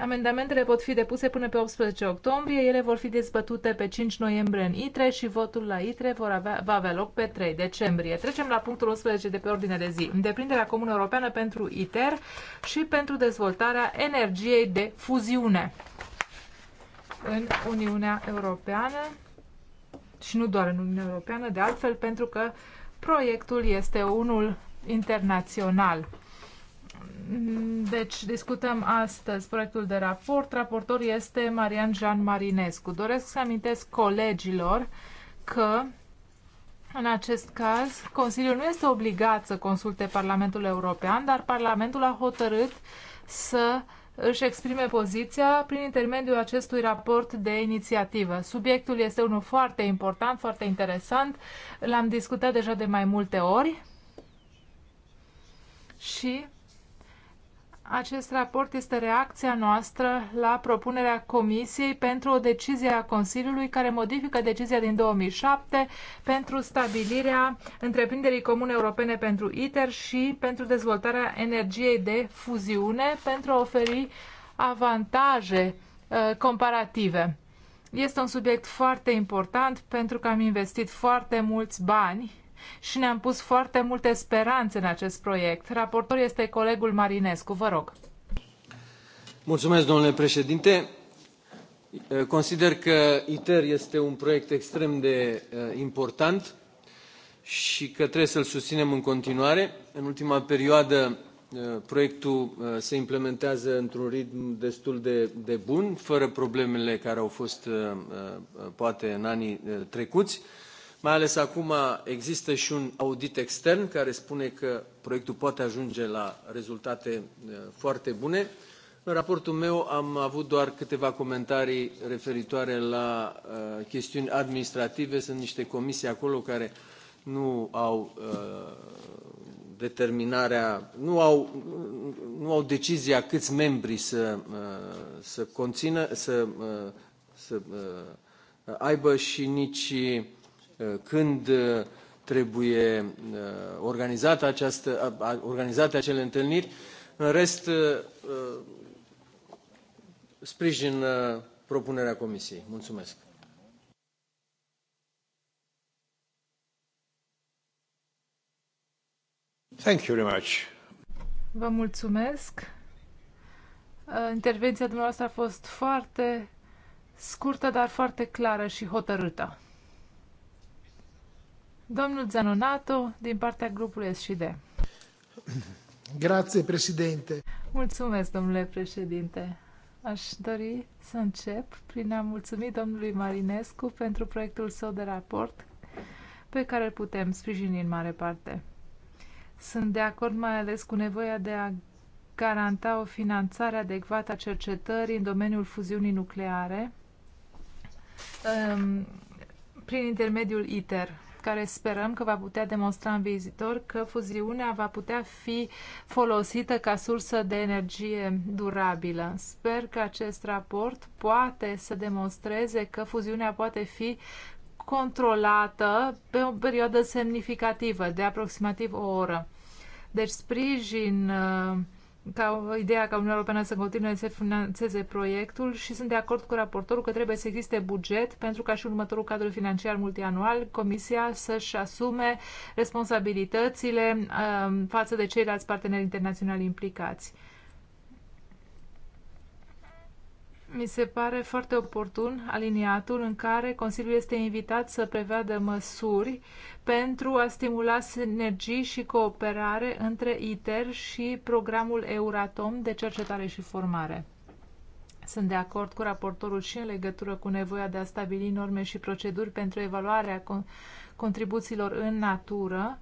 Amendamentele pot fi depuse până pe 18 octombrie, ele vor fi dezbătute pe 5 noiembrie în ITRE și votul la ITRE vor avea, va avea loc pe 3 decembrie. Trecem la punctul 11 de pe ordine de zi. Îndeprinderea comună europeană pentru ITER și pentru dezvoltarea energiei de fuziune în Uniunea Europeană și nu doar în Uniunea Europeană, de altfel, pentru că proiectul este unul internațional. Deci discutăm astăzi proiectul de raport. Raportor este Marian Jean Marinescu. Doresc să amintesc colegilor că în acest caz, Consiliul nu este obligat să consulte Parlamentul European, dar Parlamentul a hotărât să uh, își exprime poziția prin intermediul acestui raport de inițiativă. Subiectul este unul foarte important, foarte interesant. L-am discutat deja de mai multe ori și acest raport este reacția noastră la propunerea Comisiei pentru o decizie a Consiliului care modifică decizia din 2007 pentru stabilirea întreprinderii comune europene pentru ITER și pentru dezvoltarea energiei de fuziune pentru a oferi avantaje uh, comparative. Este un subiect foarte important pentru că am investit foarte mulți bani și ne-am pus foarte multe speranțe în acest proiect. Raportor este colegul Marinescu, vă rog. Mulțumesc, domnule președinte. Consider că ITER este un proiect extrem de uh, important și că trebuie să-l susținem în continuare. În ultima perioadă, uh, proiectul uh, se implementează într-un ritm destul de, de bun, fără problemele care au fost poate în anii trecuți. Mai ales acum există și un audit extern care spune că proiectul poate ajunge la rezultate uh, foarte bune. În raportul meu am avut doar câteva comentarii referitoare la uh, chestiuni administrative. Sunt niște comisii acolo care nu au uh, determinarea, nu au, nu au decizia câți membri să, uh, să conțină, să, uh, să uh, aibă și nici Uh, când uh, trebuie uh, organizată această, organizate acele întâlniri. În rest, sprijin propunerea Comisiei. Mulțumesc. Thank you very much. Vă mulțumesc. Intervenția dumneavoastră a fost foarte scurtă, dar foarte clară și hotărâtă. Domnul Zanonato, din partea grupului SCD. Grazie, președinte. Mulțumesc, domnule președinte. Aș dori să încep prin a mulțumi domnului Marinescu pentru proiectul său de raport pe care îl putem sprijini în mare parte. Sunt de acord mai ales cu nevoia de a garanta o finanțare adecvată a cercetării în domeniul fuziunii nucleare um, prin intermediul ITER care sperăm că va putea demonstra în viitor că fuziunea va putea fi folosită ca sursă de energie durabilă. Sper că acest raport poate să demonstreze că fuziunea poate fi controlată pe o perioadă semnificativă de aproximativ o oră. Deci sprijin uh, ca ideea ca Uniunea Europeană să continue să financeze proiectul și sunt de acord cu raportorul că trebuie să existe buget pentru ca și următorul cadru financiar multianual Comisia să-și asume responsabilitățile um, față de ceilalți parteneri internaționali implicați. Mi se pare foarte oportun aliniatul în care Consiliul este invitat să prevadă măsuri pentru a stimula sinergii și cooperare între ITER și programul Euratom de cercetare și formare. Sunt de acord cu raportorul și în legătură cu nevoia de a stabili norme și proceduri pentru evaluarea contribuțiilor în natură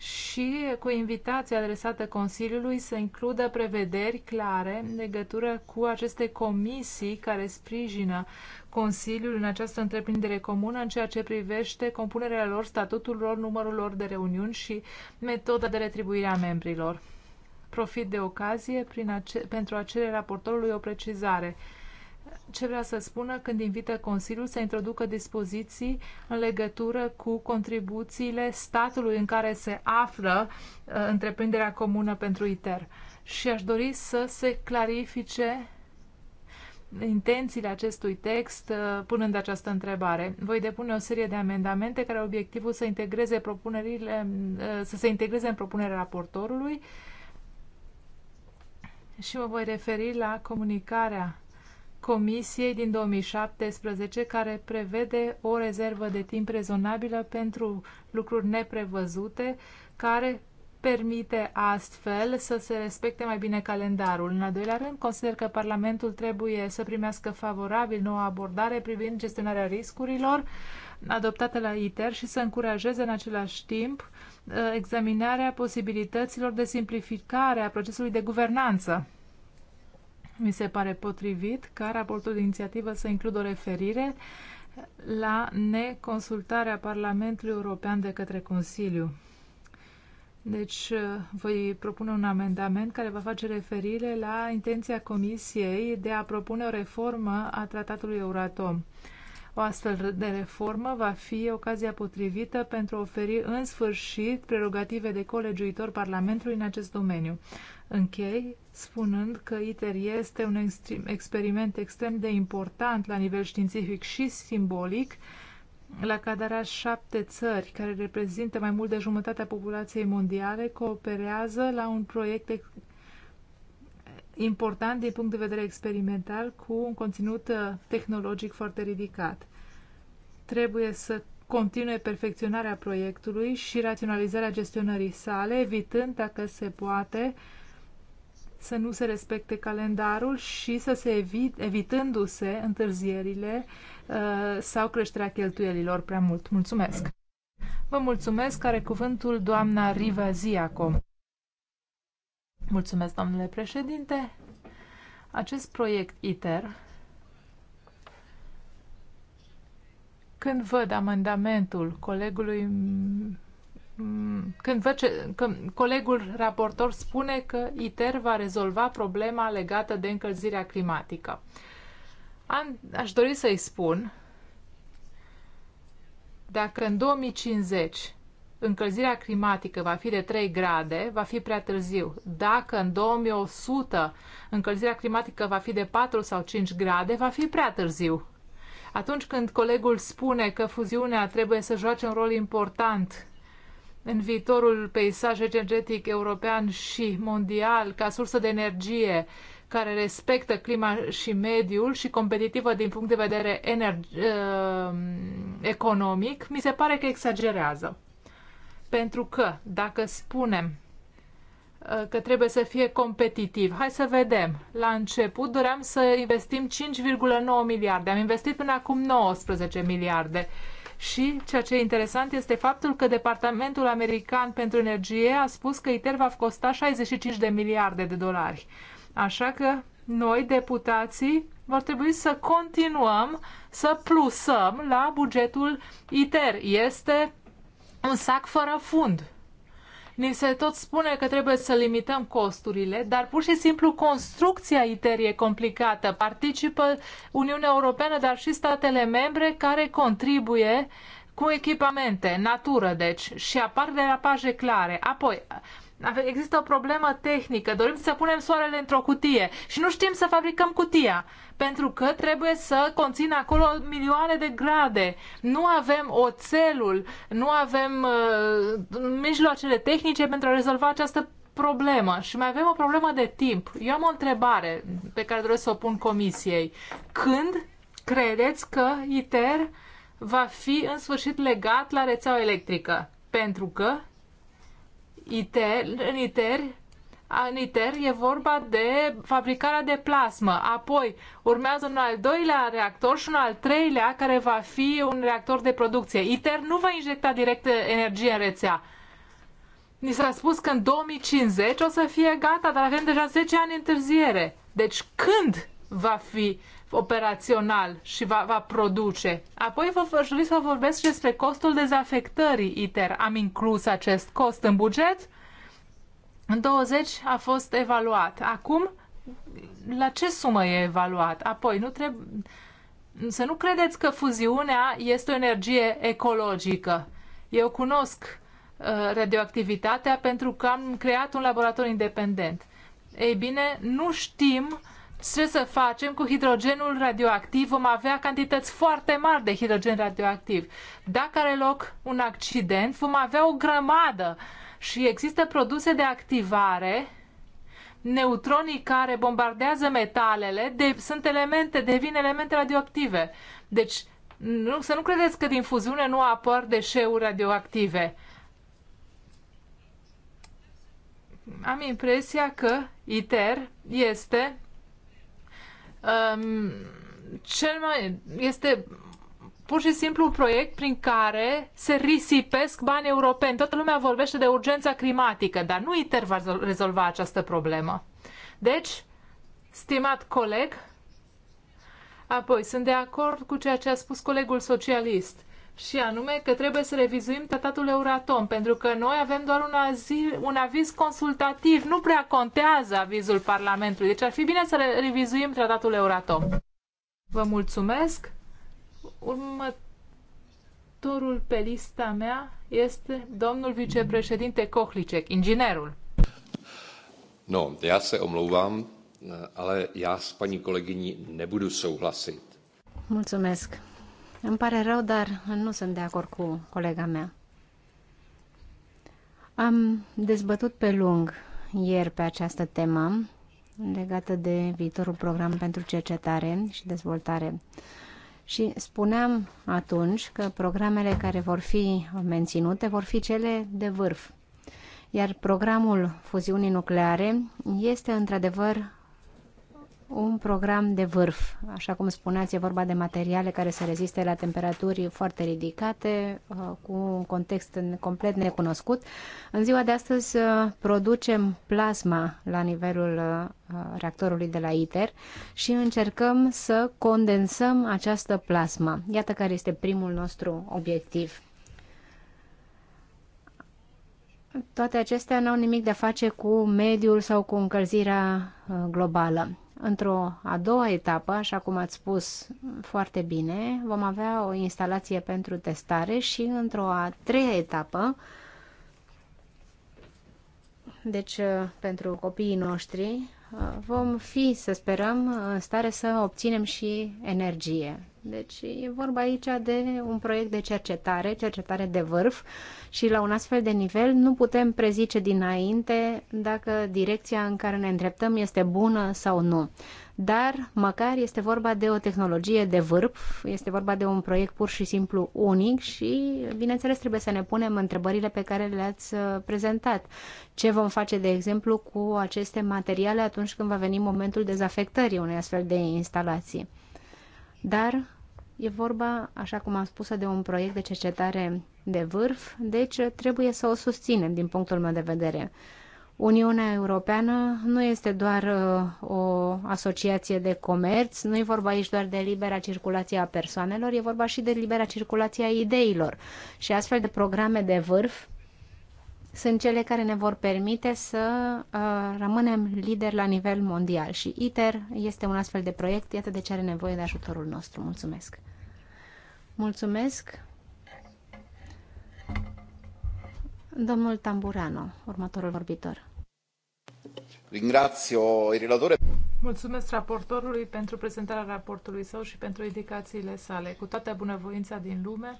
și cu invitații adresată Consiliului să includă prevederi clare în legătură cu aceste comisii care sprijină Consiliul în această întreprindere comună în ceea ce privește compunerea lor, statutul lor, numărul lor de reuniuni și metoda de retribuire a membrilor. Profit de ocazie prin ace- pentru a cere raportorului o precizare ce vrea să spună când invită Consiliul să introducă dispoziții în legătură cu contribuțiile statului în care se află uh, întreprinderea comună pentru ITER. Și aș dori să se clarifice intențiile acestui text uh, punând această întrebare. Voi depune o serie de amendamente care au obiectivul să integreze propunerile, uh, să se integreze în propunerea raportorului și mă voi referi la comunicarea Comisiei din 2017 care prevede o rezervă de timp rezonabilă pentru lucruri neprevăzute care permite astfel să se respecte mai bine calendarul. În al doilea rând, consider că Parlamentul trebuie să primească favorabil noua abordare privind gestionarea riscurilor adoptată la ITER și să încurajeze în același timp uh, examinarea posibilităților de simplificare a procesului de guvernanță mi se pare potrivit ca raportul de inițiativă să includă o referire la neconsultarea Parlamentului European de către Consiliu. Deci uh, voi propune un amendament care va face referire la intenția Comisiei de a propune o reformă a tratatului Euratom o astfel de reformă va fi ocazia potrivită pentru a oferi în sfârșit prerogative de colegiuitor Parlamentului în acest domeniu. Închei spunând că ITER este un experiment extrem de important la nivel științific și simbolic, la cadarea șapte țări, care reprezintă mai mult de jumătatea populației mondiale, cooperează la un proiect important din punct de vedere experimental cu un conținut uh, tehnologic foarte ridicat. Trebuie să continue perfecționarea proiectului și raționalizarea gestionării sale, evitând, dacă se poate, să nu se respecte calendarul și să se evit, evitându-se întârzierile uh, sau creșterea cheltuielilor prea mult. Mulțumesc! Vă mulțumesc, are cuvântul doamna Riva Ziacom. Mulțumesc, domnule președinte. Acest proiect ITER, când văd amendamentul colegului când văd ce, că colegul raportor spune că ITER va rezolva problema legată de încălzirea climatică. Am, aș dori să-i spun dacă în 2050 încălzirea climatică va fi de 3 grade, va fi prea târziu. Dacă în 2100 încălzirea climatică va fi de 4 sau 5 grade, va fi prea târziu. Atunci când colegul spune că fuziunea trebuie să joace un rol important în viitorul peisaj energetic european și mondial ca sursă de energie care respectă clima și mediul și competitivă din punct de vedere uh, economic, mi se pare că exagerează. Pentru că dacă spunem uh, că trebuie să fie competitiv. Hai să vedem. La început doream să investim 5,9 miliarde. Am investit până acum 19 miliarde. Și ceea ce e interesant este faptul că Departamentul American pentru Energie a spus că ITER va costa 65 de miliarde de dolari. Așa că noi, deputații, vor trebui să continuăm să plusăm la bugetul ITER. Este un sac fără fund. Ni se tot spune că trebuie să limităm costurile, dar pur și simplu construcția ITER e complicată. Participă Uniunea Europeană, dar și statele membre care contribuie cu echipamente, natură, deci, și apar derapaje clare. Apoi, există o problemă tehnică, dorim să punem soarele într-o cutie și nu știm să fabricăm cutia, pentru că trebuie să conțină acolo milioane de grade. Nu avem oțelul, nu avem uh, mijloacele tehnice pentru a rezolva această problemă și mai avem o problemă de timp. Eu am o întrebare pe care doresc să o pun comisiei. Când credeți că ITER va fi în sfârșit legat la rețeaua electrică? Pentru că ITER, în ITER în ITER e vorba de fabricarea de plasmă. Apoi urmează un al doilea reactor și un al treilea care va fi un reactor de producție. ITER nu va injecta direct energie în rețea. Ni s-a spus că în 2050 o să fie gata, dar avem deja 10 ani întârziere. Deci când va fi operațional și va, va produce. Apoi vă aș să vorbesc despre costul dezafectării ITER. Am inclus acest cost în buget. În 20 a fost evaluat. Acum, la ce sumă e evaluat? Apoi, nu trebuie... Să nu credeți că fuziunea este o energie ecologică. Eu cunosc uh, radioactivitatea pentru că am creat un laborator independent. Ei bine, nu știm uh, ce să facem cu hidrogenul radioactiv? Vom avea cantități foarte mari de hidrogen radioactiv. Dacă are loc un accident, vom avea o grămadă și există produse de activare neutronii care bombardează metalele de, sunt elemente, devin elemente radioactive. Deci nu, să nu credeți că din fuziune nu apar deșeuri radioactive. Am impresia că ITER este um, cel mai este pur și simplu un proiect prin care se risipesc bani europeni. Toată lumea vorbește de urgența climatică, dar nu ITER va rezolva această problemă. Deci, stimat coleg, apoi sunt de acord cu ceea ce a spus colegul socialist și anume că trebuie să revizuim tratatul Euratom, pentru că noi avem doar un, azil, un aviz consultativ, nu prea contează avizul Parlamentului, deci ar fi bine să revizuim tratatul Euratom. Vă mulțumesc. Următorul pe lista mea este domnul vicepreședinte Kohlicek, inginerul. No, já se omlouvám, ale já s paní kolegyní nebudu souhlasit. Mulțumesc. Îmi pare rău, dar nu sunt de acord cu colega mea. Am dezbătut pe lung ieri pe această temă legată de viitorul program pentru cercetare și dezvoltare. Și spuneam atunci că programele care vor fi menținute vor fi cele de vârf. Iar programul fuziunii nucleare este într-adevăr un program de vârf. Așa cum spuneați, e vorba de materiale care să reziste la temperaturi foarte ridicate, uh, cu un context complet necunoscut. În ziua de astăzi uh, producem plasma la nivelul uh, reactorului de la ITER și încercăm să condensăm această plasmă. Iată care este primul nostru obiectiv. Toate acestea nu au nimic de a face cu mediul sau cu încălzirea globală. Într-o a doua etapă, așa cum ați spus foarte bine, vom avea o instalație pentru testare și într-o a treia etapă, deci uh, pentru copiii noștri, uh, vom fi, să sperăm, în stare să obținem și energie. Deci e vorba aici de un proiect de cercetare, cercetare de vârf și la un astfel de nivel nu putem prezice dinainte dacă direcția în care ne îndreptăm este bună sau nu. Dar măcar este vorba de o tehnologie de vârf, este vorba de un proiect pur și simplu unic și, bineînțeles, trebuie să ne punem întrebările pe care le-ați uh, prezentat. Ce vom face, de exemplu, cu aceste materiale atunci când va veni momentul dezafectării unei astfel de instalații? dar e vorba, așa cum am spus, de un proiect de cercetare de vârf, deci trebuie să o susținem din punctul meu de vedere. Uniunea Europeană nu este doar uh, o asociație de comerț, nu e vorba aici doar de libera circulație a persoanelor, e vorba și de libera circulație a ideilor. Și astfel de programe de vârf sunt cele care ne vor permite să uh, rămânem lideri la nivel mondial și ITER este un astfel de proiect, iată de ce are nevoie de ajutorul nostru. Mulțumesc! Mulțumesc! Domnul Tamburano, următorul vorbitor. Ringrazio relatore. Mulțumesc raportorului pentru prezentarea raportului său și pentru indicațiile sale. Cu toată bunăvoința din lume,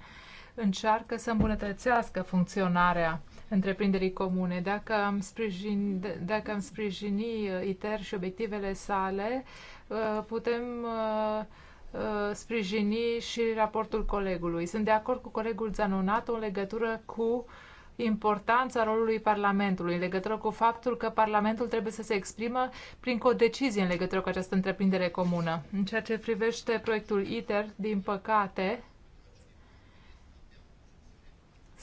încearcă să îmbunătățească funcționarea întreprinderii comune. Dacă am, sprijin, dacă am sprijini uh, ITER și obiectivele sale, uh, putem uh, sprijini și raportul colegului. Sunt de acord cu colegul Zanonato în legătură cu importanța rolului Parlamentului, în legătură cu faptul că Parlamentul trebuie să se exprimă prin codecizie în legătură cu această întreprindere comună. În ceea ce privește proiectul ITER, din păcate,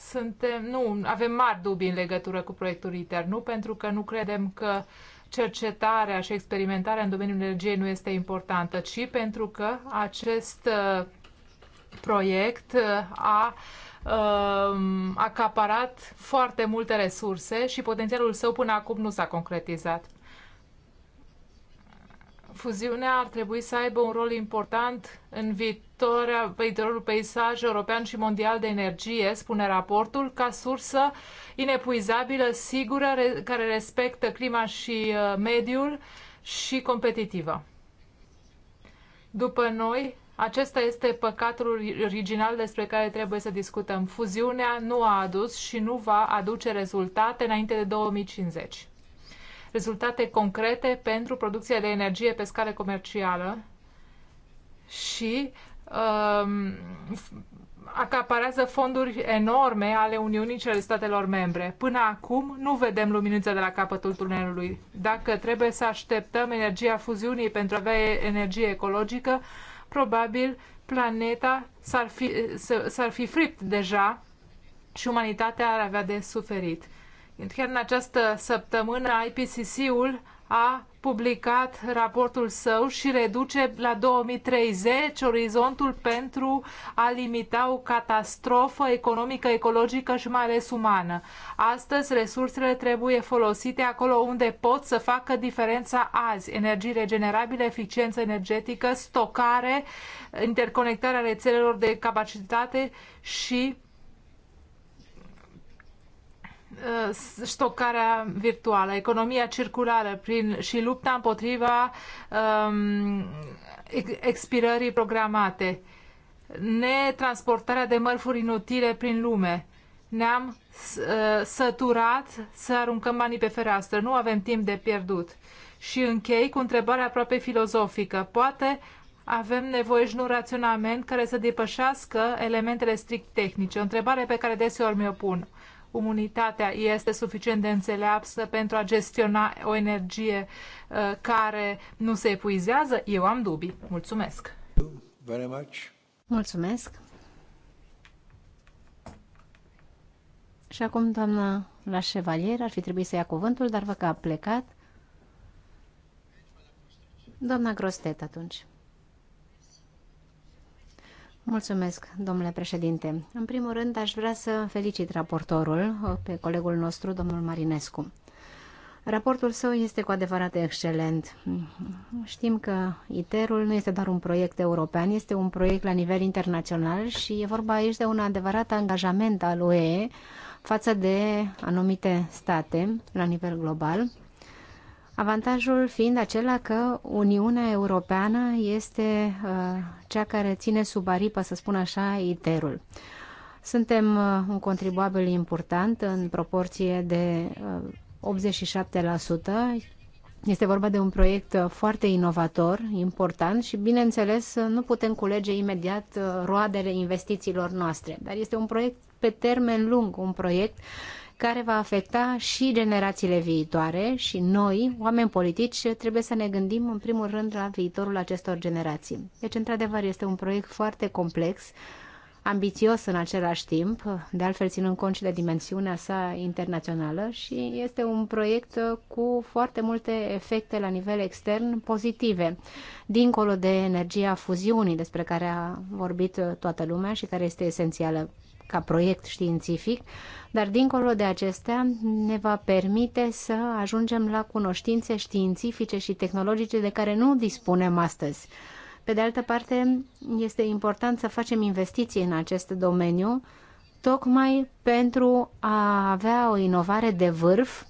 suntem, nu, avem mari dubii în legătură cu proiectul ITER, nu pentru că nu credem că cercetarea și experimentarea în domeniul energiei nu este importantă, ci pentru că acest uh, proiect uh, a um, acaparat foarte multe resurse și potențialul său până acum nu s-a concretizat fuziunea ar trebui să aibă un rol important în viitorul, viitorul peisaj european și mondial de energie, spune raportul, ca sursă inepuizabilă, sigură, care respectă clima și uh, mediul și competitivă. După noi, acesta este păcatul original despre care trebuie să discutăm. Fuziunea nu a adus și nu va aduce rezultate înainte de 2050 rezultate concrete pentru producția de energie pe scară comercială și um, acaparează fonduri enorme ale Uniunii și ale statelor membre. Până acum nu vedem luminița de la capătul tunelului. Dacă trebuie să așteptăm energia fuziunii pentru a avea energie ecologică, probabil planeta s-ar fi, s-ar fi fript deja și umanitatea ar avea de suferit. Chiar în această săptămână IPCC-ul a publicat raportul său și reduce la 2030 orizontul pentru a limita o catastrofă economică, ecologică și mai ales umană. Astăzi, resursele trebuie folosite acolo unde pot să facă diferența azi. Energii regenerabile, eficiență energetică, stocare, interconectarea rețelelor de capacitate și Uh, stocarea virtuală, economia circulară prin, și lupta împotriva um, expirării programate, netransportarea de mărfuri inutile prin lume. Ne-am uh, săturat să aruncăm banii pe fereastră, nu avem timp de pierdut. Și închei cu întrebarea aproape filozofică. Poate avem nevoie și un raționament care să depășească elementele strict tehnice. O întrebare pe care deseori mi-o pun umanitatea este suficient de înțeleaptă pentru a gestiona o energie uh, care nu se epuizează? Eu am dubii. Mulțumesc! Mulțumesc! Și acum, doamna la Chevalier, ar fi trebuit să ia cuvântul, dar vă că a plecat. Doamna Grostet, atunci. Mulțumesc, domnule președinte. În primul rând, aș vrea să felicit raportorul, uh, pe colegul nostru, domnul Marinescu. Raportul său este cu adevărat excelent. Știm că ITER-ul nu este doar un proiect european, este un proiect la nivel internațional și e vorba aici de un adevărat angajament al UE față de anumite state la nivel global Avantajul fiind acela că Uniunea Europeană este uh, cea care ține sub aripă, să spun așa, ITER-ul. Suntem uh, un contribuabil important în proporție de 87%. Uh, este vorba de un proiect foarte inovator, important și, bineînțeles, nu putem culege imediat roadele investițiilor noastre, dar este un proiect pe termen lung, un proiect uh, care va afecta și generațiile viitoare și noi, oameni politici, trebuie să ne gândim în primul rând la viitorul acestor generații. Deci, într-adevăr, este un proiect foarte complex, ambițios în același timp, de altfel ținând cont și de dimensiunea sa internațională și este un proiect cu foarte multe efecte la nivel extern pozitive, dincolo de energia fuziunii despre care a vorbit toată lumea și care este esențială ca proiect științific, dar dincolo de acestea ne va permite să ajungem la cunoștințe științifice și tehnologice de care nu dispunem astăzi. Pe de altă parte, este important să facem investiții în acest domeniu, tocmai pentru a avea o inovare de vârf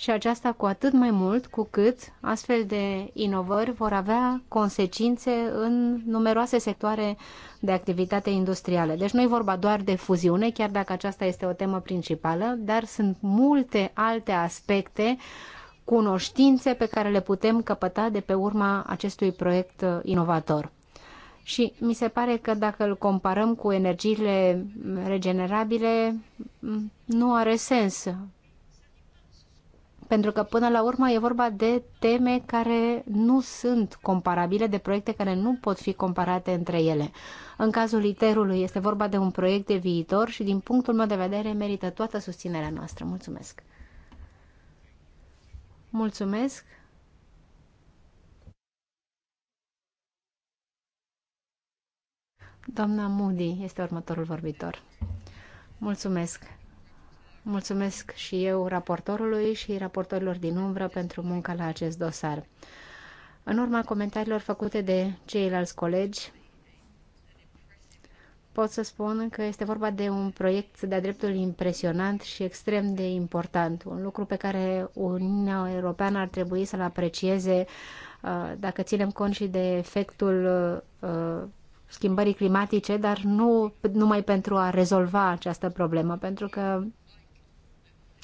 și aceasta cu atât mai mult cu cât astfel de inovări vor avea consecințe în numeroase sectoare de activitate industrială. Deci nu e vorba doar de fuziune, chiar dacă aceasta este o temă principală, dar sunt multe alte aspecte, cunoștințe pe care le putem căpăta de pe urma acestui proiect inovator. Și mi se pare că dacă îl comparăm cu energiile regenerabile, nu are sens pentru că până la urmă e vorba de teme care nu sunt comparabile, de proiecte care nu pot fi comparate între ele. În cazul ITER-ului este vorba de un proiect de viitor și din punctul meu de vedere merită toată susținerea noastră. Mulțumesc! Mulțumesc! Doamna Moody este următorul vorbitor. Mulțumesc! Mulțumesc și eu raportorului și raportorilor din umbră pentru munca la acest dosar. În urma comentariilor făcute de ceilalți colegi, pot să spun că este vorba de un proiect de-a dreptul impresionant și extrem de important, un lucru pe care Uniunea Europeană ar trebui să-l aprecieze uh, dacă ținem cont și de efectul uh, schimbării climatice, dar nu numai pentru a rezolva această problemă, pentru că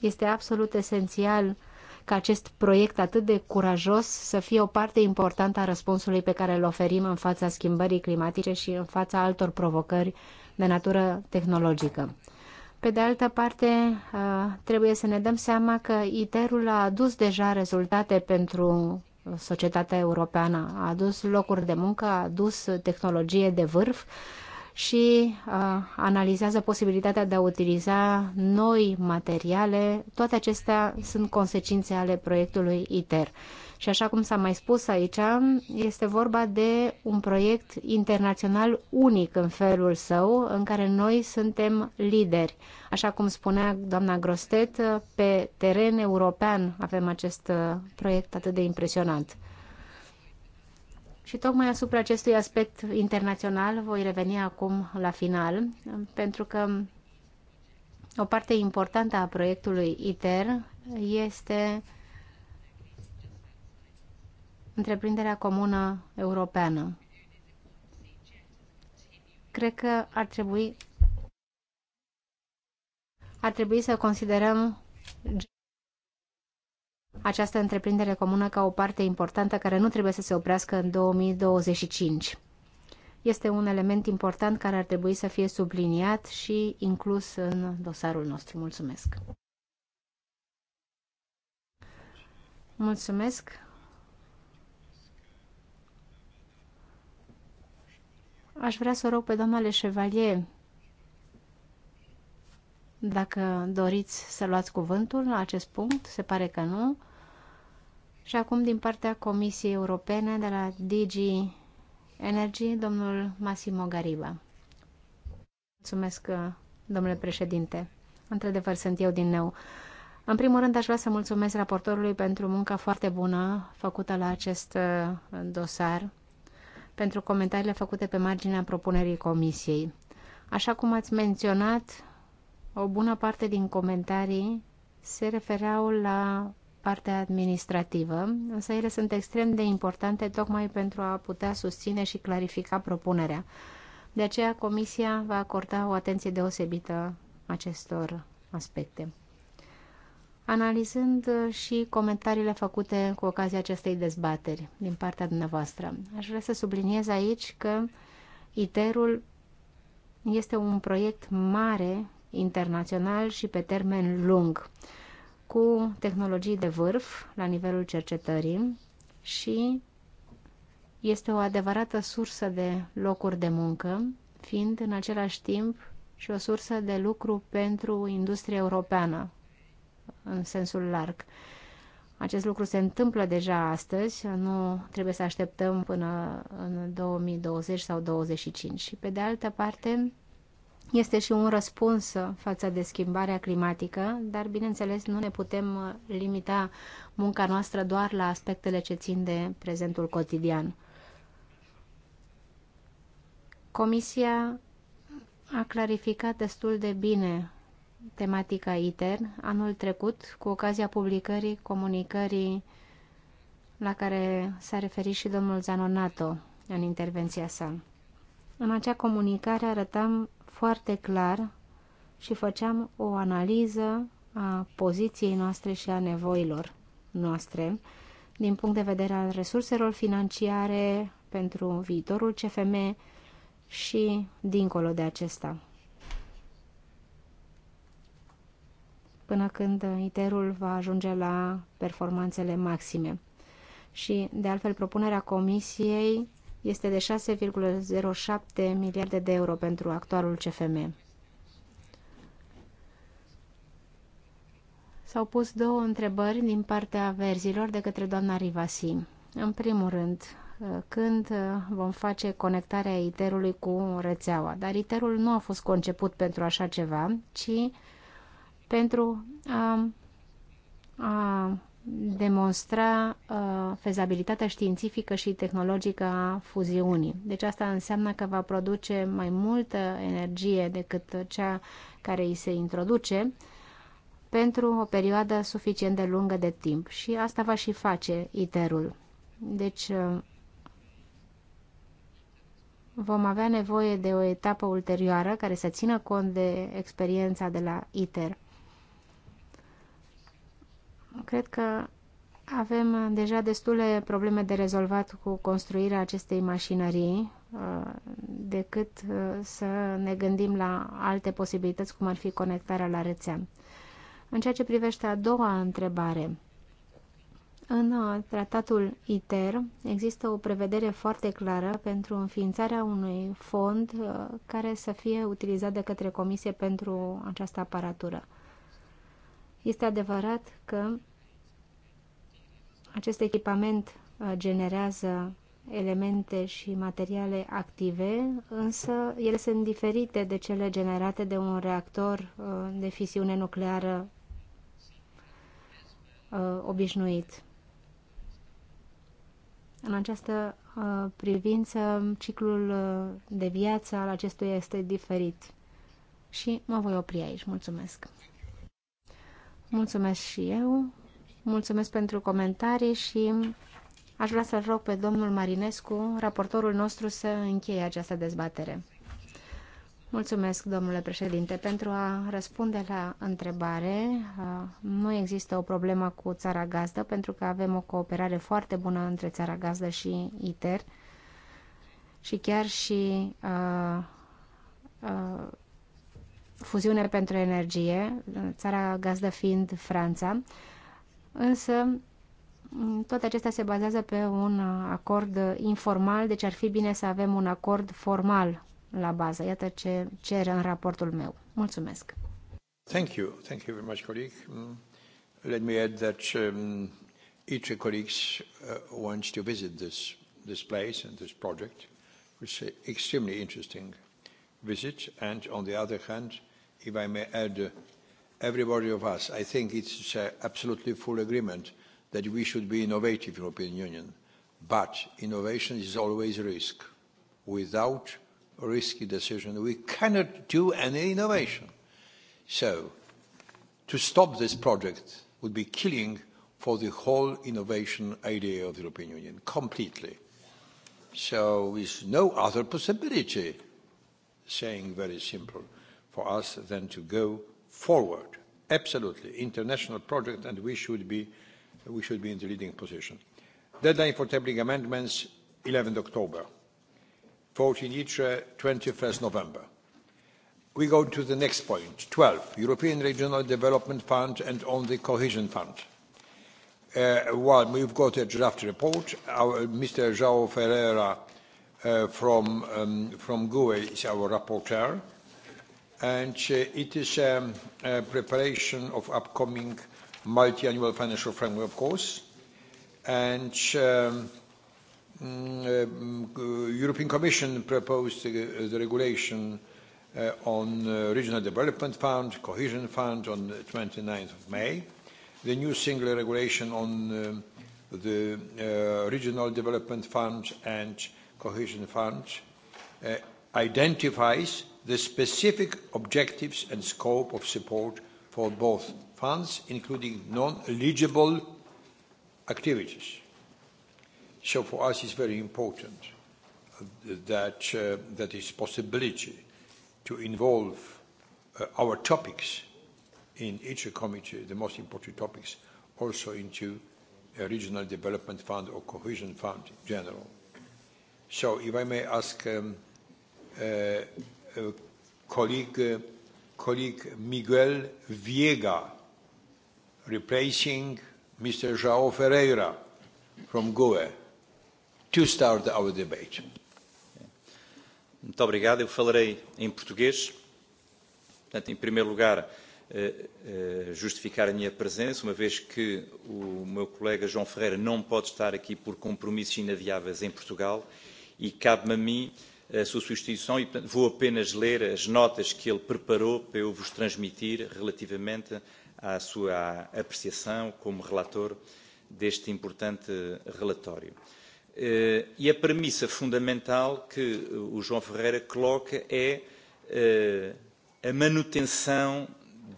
este absolut esențial ca acest proiect atât de curajos să fie o parte importantă a răspunsului pe care îl oferim în fața schimbării climatice și în fața altor provocări de natură tehnologică. Pe de altă parte, uh, trebuie să ne dăm seama că ITER-ul a adus deja rezultate pentru societatea europeană, a adus locuri de muncă, a adus tehnologie de vârf și uh, analizează posibilitatea de a utiliza noi materiale. Toate acestea sunt consecințe ale proiectului ITER. Și așa cum s-a mai spus aici, este vorba de un proiect internațional unic în felul său, în care noi suntem lideri. Așa cum spunea doamna Grostet, pe teren european avem acest uh, proiect atât de impresionant. Și tocmai asupra acestui aspect internațional voi reveni acum la final, pentru că o parte importantă a proiectului ITER este întreprinderea comună europeană. Cred că ar trebui ar trebui să considerăm această întreprindere comună ca o parte importantă care nu trebuie să se oprească în 2025. Este un element important care ar trebui să fie subliniat și inclus în dosarul nostru. Mulțumesc! Mulțumesc! Aș vrea să rog pe doamna Le Chevalier dacă doriți să luați cuvântul la acest punct, se pare că nu. Și acum din partea Comisiei Europene de la DG Energy, domnul Massimo Gariba. Mulțumesc, domnule președinte. Într-adevăr, sunt eu din nou. În primul rând, aș vrea să mulțumesc raportorului pentru munca foarte bună făcută la acest uh, dosar, pentru comentariile făcute pe marginea propunerii comisiei. Așa cum ați menționat, o bună parte din comentarii se refereau la partea administrativă, însă ele sunt extrem de importante tocmai pentru a putea susține și clarifica propunerea. De aceea, Comisia va acorda o atenție deosebită acestor aspecte. Analizând și comentariile făcute cu ocazia acestei dezbateri din partea dumneavoastră, aș vrea să subliniez aici că ITER-ul este un proiect mare, internațional și pe termen lung cu tehnologii de vârf la nivelul cercetării și este o adevărată sursă de locuri de muncă, fiind în același timp și o sursă de lucru pentru industria europeană, în sensul larg. Acest lucru se întâmplă deja astăzi, nu trebuie să așteptăm până în 2020 sau 2025. Și pe de altă parte, este și un răspuns față de schimbarea climatică, dar, bineînțeles, nu ne putem uh, limita munca noastră doar la aspectele ce țin de prezentul cotidian. Comisia a clarificat destul de bine tematica ITER anul trecut, cu ocazia publicării comunicării la care s-a referit și domnul Zanonato în intervenția sa. În acea comunicare arătam foarte clar și făceam o analiză a poziției noastre și a nevoilor noastre din punct de vedere al resurselor financiare pentru viitorul CFM și dincolo de acesta. până când ITER-ul va ajunge la performanțele maxime. Și, de altfel, propunerea Comisiei este de 6,07 miliarde de euro pentru actualul CFM. S-au pus două întrebări din partea verzilor de către doamna Rivasi. În primul rând, când vom face conectarea ITER-ului cu rețeaua. Dar ITER-ul nu a fost conceput pentru așa ceva, ci pentru a, a demonstra uh, fezabilitatea științifică și tehnologică a fuziunii. Deci asta înseamnă că va produce mai multă energie decât cea care îi se introduce pentru o perioadă suficient de lungă de timp și asta va și face ITER-ul. Deci uh, vom avea nevoie de o etapă ulterioară care să țină cont de experiența de la ITER. Cred că avem deja destule probleme de rezolvat cu construirea acestei mașinării uh, decât uh, să ne gândim la alte posibilități, cum ar fi conectarea la rețea. În ceea ce privește a doua întrebare, în uh, tratatul ITER există o prevedere foarte clară pentru înființarea unui fond care să fie utilizat de către Comisie pentru această aparatură. Este adevărat că acest echipament uh, generează elemente și materiale active, însă ele sunt diferite de cele generate de un reactor uh, de fisiune nucleară uh, obișnuit. În această privință, ciclul de viață al acestuia este diferit. Și mă voi opri aici. Mulțumesc! Mulțumesc și eu. Mulțumesc pentru comentarii și aș vrea să-l rog pe domnul Marinescu, raportorul nostru, să încheie această dezbatere. Mulțumesc, domnule președinte. Pentru a răspunde la întrebare, nu există o problemă cu țara gazdă, pentru că avem o cooperare foarte bună între țara gazdă și ITER și chiar și uh, uh, fuziune pentru energie, țara gazdă fiind Franța, însă tot acestea se bazează pe un acord informal, deci ar fi bine să avem un acord formal la bază. Iată ce cer în raportul meu. Mulțumesc. Thank you. Thank you very much, colleague. Mm, let me add that um, each colleague uh, wants to visit this, this place and this project, which is extremely interesting visit. And on the other hand, if I may add, uh, everybody of us, I think it's uh, absolutely full agreement that we should be innovative European Union. But innovation is always risk. Without risky decision, we cannot do any innovation. So to stop this project would be killing for the whole innovation idea of the European Union completely. So there's no other possibility saying very simple for us than to go forward. Absolutely, international project, and we should be, we should be in the leading position. Deadline for tabling amendments, 11 October. Vote in each, 21st November. We go to the next point, 12, European Regional Development Fund and on the Cohesion Fund. Uh, well, we've got a draft report. Our, Mr. João Ferreira Uh, from, um, from GUE is our rapporteur, and uh, it is um, a preparation of upcoming multi-annual financial framework, of course, and um, um, uh, European Commission proposed uh, the regulation uh, on uh, Regional Development Fund, Cohesion Fund on the 29th of May, the new single regulation on uh, the uh, Regional Development Fund and Cohesion Fund uh, identifies the specific objectives and scope of support for both funds, including non-eligible activities. So for us it's very important uh, that uh, that is possibility to involve uh, our topics in each committee, the most important topics, also into a regional development fund or cohesion fund in general. So, if I may ask um, uh, uh, colleague, uh, colleague Miguel Viega, replacing Mr. João Ferreira from GUE, to start our debate. Muito obrigado. Eu falarei em português. Portanto, em primeiro lugar, eh, eh, justificar a minha presença, uma vez que o meu colega João Ferreira não pode estar aqui por compromissos inadiáveis em Portugal e cabe-me a mim a eh, sua substituição e portanto, vou apenas ler as notas que ele preparou para eu vos transmitir relativamente à sua apreciação como relator deste importante relatório. Eh, e a premissa fundamental que o João Ferreira coloca é eh, a manutenção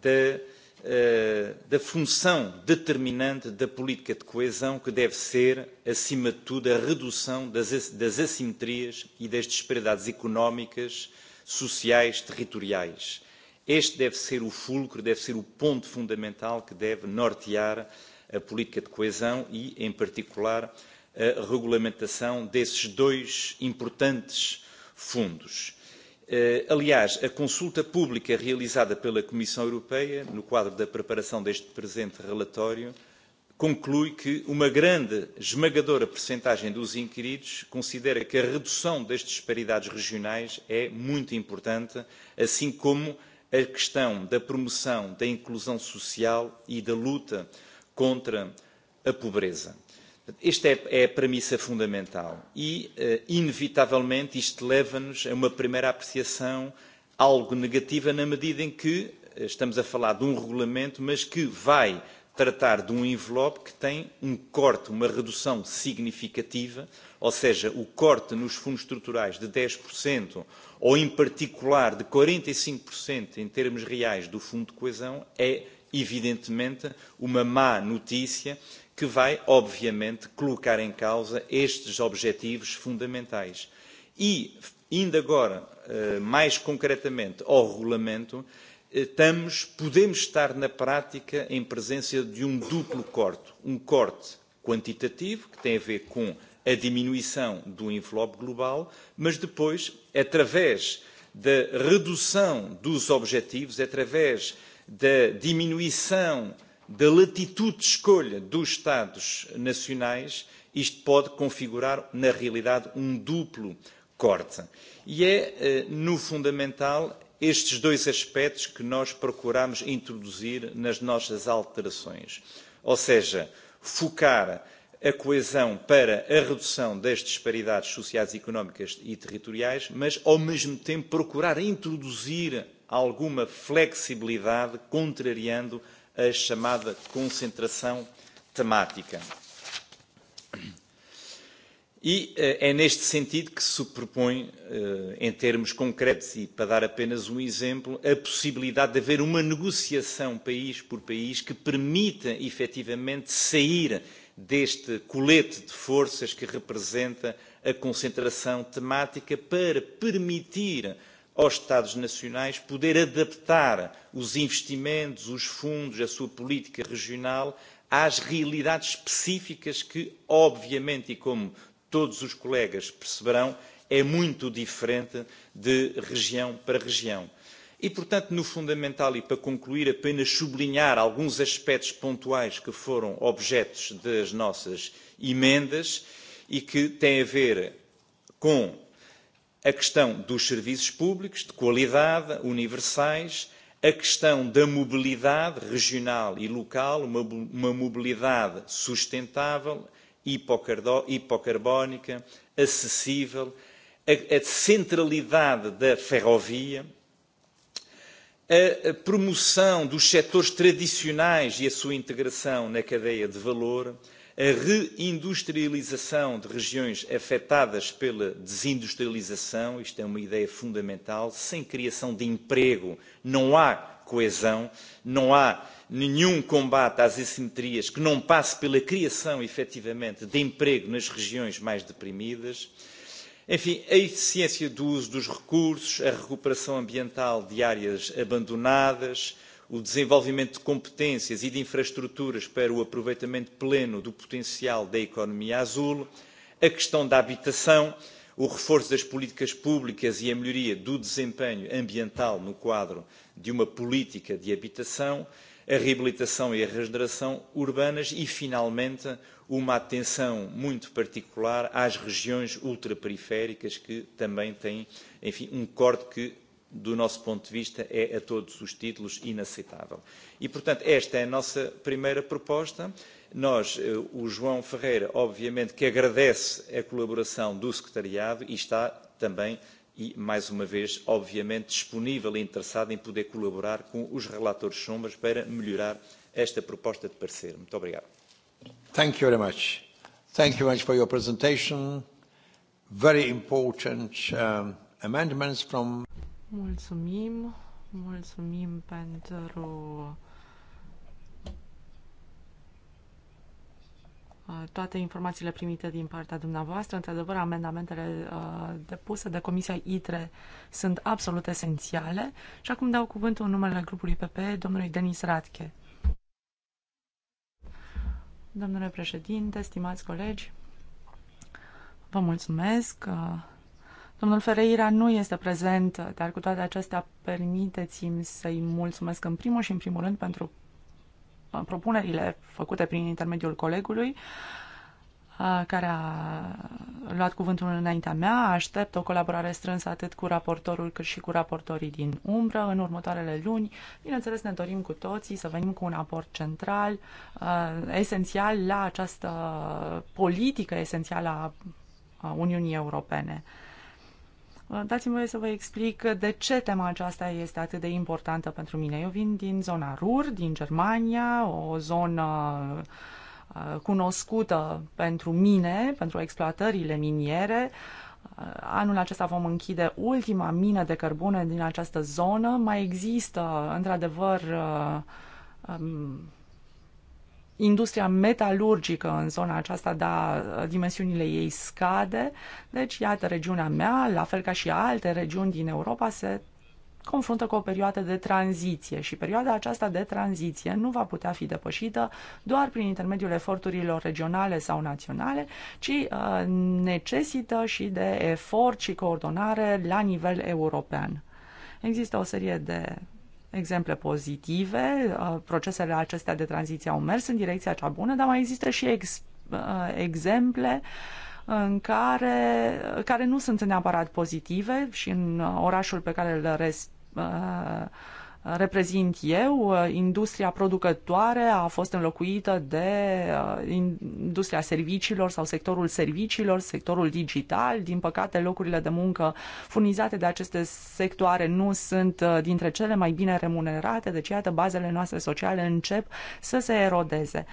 da Eh, da função determinante da política de coesão, que deve ser, acima de tudo, a redução das, assimetrias e das disparidades económicas, sociais, territoriais. Este deve ser o fulcro, deve ser o ponto fundamental que deve nortear a política de coesão e, em particular, a regulamentação desses dois importantes fundos Eh, aliás, a consulta pública realizada pela Comissão Europeia, no quadro da preparação deste presente relatório, conclui que uma grande, esmagadora percentagem dos inquiridos considera que a redução das disparidades regionais é muito importante, assim como a questão da promoção da inclusão social e da luta contra a pobreza. Esta é, é a premissa fundamental e, eh, inevitavelmente, isto leva-nos a uma primeira apreciação algo negativa na medida em que eh, estamos a falar de um regulamento, mas que vai tratar de um envelope que tem um corte, uma redução significativa, ou seja, o corte nos fundos estruturais de 10%, ou em particular de 45% em termos reais do Fundo de Coesão, é evidentemente uma má notícia que vai, obviamente, colocar em causa estes objetivos fundamentais. E, ainda agora, eh, mais concretamente ao regulamento, estamos, eh, podemos estar na prática em presença de um duplo corte. Um corte quantitativo, que tem a ver com a diminuição do envelope global, mas depois, através da redução dos objetivos, através da diminuição da latitude de escolha dos Estados nacionais, isto pode configurar, na realidade, um duplo corte. E é, eh, no fundamental, estes dois aspectos que nós procuramos introduzir nas nossas alterações. Ou seja, focar a coesão para a redução das disparidades sociais, económicas e territoriais, mas ao mesmo tempo procurar introduzir alguma flexibilidade contrariando a chamada concentração temática. E eh, é neste sentido que se propõe, eh, em termos concretos, e para dar apenas um exemplo, a possibilidade de haver uma negociação país por país que permita efetivamente sair deste colete de forças que representa a concentração temática para permitir aos Estados nacionais poder adaptar os investimentos, os fundos, a sua política regional às realidades específicas que, obviamente, e como todos os colegas perceberão, é muito diferente de região para região. E, portanto, no fundamental, e para concluir, apenas sublinhar alguns aspectos pontuais que foram objetos das nossas emendas e que têm a ver com a questão dos serviços públicos de qualidade, universais, a questão da mobilidade regional e local, uma, uma mobilidade sustentável, hipocarbónica, acessível, a, a centralidade da ferrovia, a, a promoção dos setores tradicionais e a sua integração na cadeia de valor, a reindustrialização de regiões afetadas pela desindustrialização, isto é uma ideia fundamental, sem criação de emprego não há coesão, não há nenhum combate às assimetrias que não passe pela criação, efetivamente, de emprego nas regiões mais deprimidas. Enfim, a eficiência do uso dos recursos, a recuperação ambiental de áreas abandonadas, o desenvolvimento de competências e de infraestruturas para o aproveitamento pleno do potencial da economia azul, a questão da habitação, o reforço das políticas públicas e a melhoria do desempenho ambiental no quadro de uma política de habitação, a reabilitação e a regeneração urbanas e, finalmente, uma atenção muito particular às regiões ultraperiféricas que também têm, enfim, um corte que do nosso ponto de vista, é a todos os títulos inaceitável. E, portanto, esta é a nossa primeira proposta. Nós, eh, o João Ferreira, obviamente que agradece a colaboração do Secretariado e está também e, mais uma vez, obviamente disponível e interessado em poder colaborar com os relatores sombras para melhorar esta proposta de parecer. Muito obrigado. Thank you very much. Thank you very much for your presentation. Very important um, amendments from Mulțumim, mulțumim pentru uh, toate informațiile primite din partea dumneavoastră. Într-adevăr, amendamentele uh, depuse de Comisia ITRE sunt absolut esențiale. Și acum dau cuvântul în numele grupului PP, domnului Denis Radche. Domnule președinte, stimați colegi, vă mulțumesc. Uh, Domnul Ferreira nu este prezent, dar cu toate acestea permiteți-mi să-i mulțumesc în primul și în primul rând pentru uh, propunerile făcute prin intermediul colegului uh, care a luat cuvântul înaintea mea. Aștept o colaborare strânsă atât cu raportorul cât și cu raportorii din umbră în următoarele luni. Bineînțeles, ne dorim cu toții să venim cu un aport central, uh, esențial la această politică esențială a Uniunii Europene. Uh, dați-mi voie să vă explic de ce tema aceasta este atât de importantă pentru mine. Eu vin din zona Rur, din Germania, o zonă uh, cunoscută pentru mine, pentru exploatările miniere. Uh, anul acesta vom închide ultima mină de cărbune din această zonă. Mai există, într-adevăr, um, industria metalurgică în zona aceasta, dar uh, dimensiunile ei scade. Deci, iată, regiunea mea, la fel ca și alte regiuni din Europa, se confruntă cu o perioadă de tranziție și perioada aceasta de tranziție nu va putea fi depășită doar prin intermediul eforturilor regionale sau naționale, ci uh, necesită și de efort și coordonare la nivel european. Există o serie de exemple pozitive. Uh, procesele acestea de tranziție au mers în direcția cea bună, dar mai există și ex, uh, exemple în care, care nu sunt neapărat pozitive și în orașul pe care îl res, uh, reprezint eu, uh, industria producătoare a fost înlocuită de uh, industria serviciilor sau sectorul serviciilor, sectorul digital. Din păcate, locurile de muncă furnizate de aceste sectoare nu sunt uh, dintre cele mai bine remunerate, deci iată, bazele noastre sociale încep să se erodeze.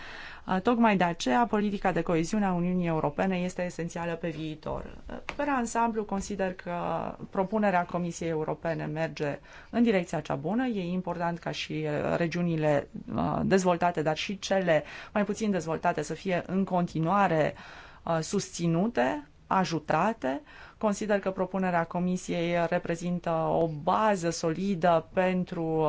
Tocmai de aceea, politica de coeziune a Uniunii Europene este esențială pe viitor. Pe ansamblu, consider că propunerea Comisiei Europene merge în direcția cea bună. E important ca și uh, regiunile uh, dezvoltate, dar și cele mai puțin dezvoltate să fie în continuare uh, susținute, ajutate. Consider că propunerea Comisiei reprezintă o bază solidă pentru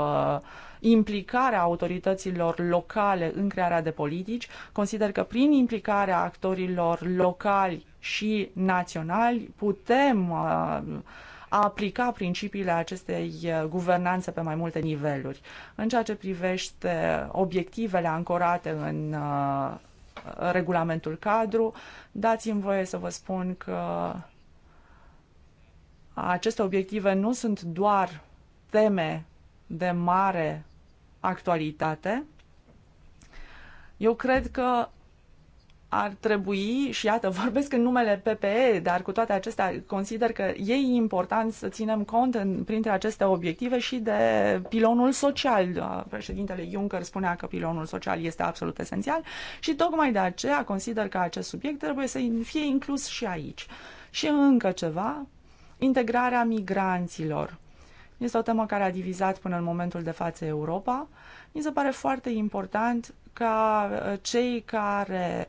implicarea autorităților locale în crearea de politici. Consider că prin implicarea actorilor locali și naționali putem uh, a aplica principiile acestei uh, guvernanțe pe mai multe niveluri. În ceea ce privește obiectivele ancorate în uh, regulamentul cadru, dați-mi voie să vă spun că aceste obiective nu sunt doar teme de mare actualitate. Eu cred că ar trebui, și iată, vorbesc în numele PPE, dar cu toate acestea consider că e important să ținem cont în, printre aceste obiective și de pilonul social. Uh, președintele Juncker spunea că pilonul social este absolut esențial și tocmai de aceea consider că acest subiect trebuie să fie inclus și aici. Și încă ceva, integrarea migranților este o temă care a divizat până în momentul de față Europa. Mi se pare foarte important ca uh, cei care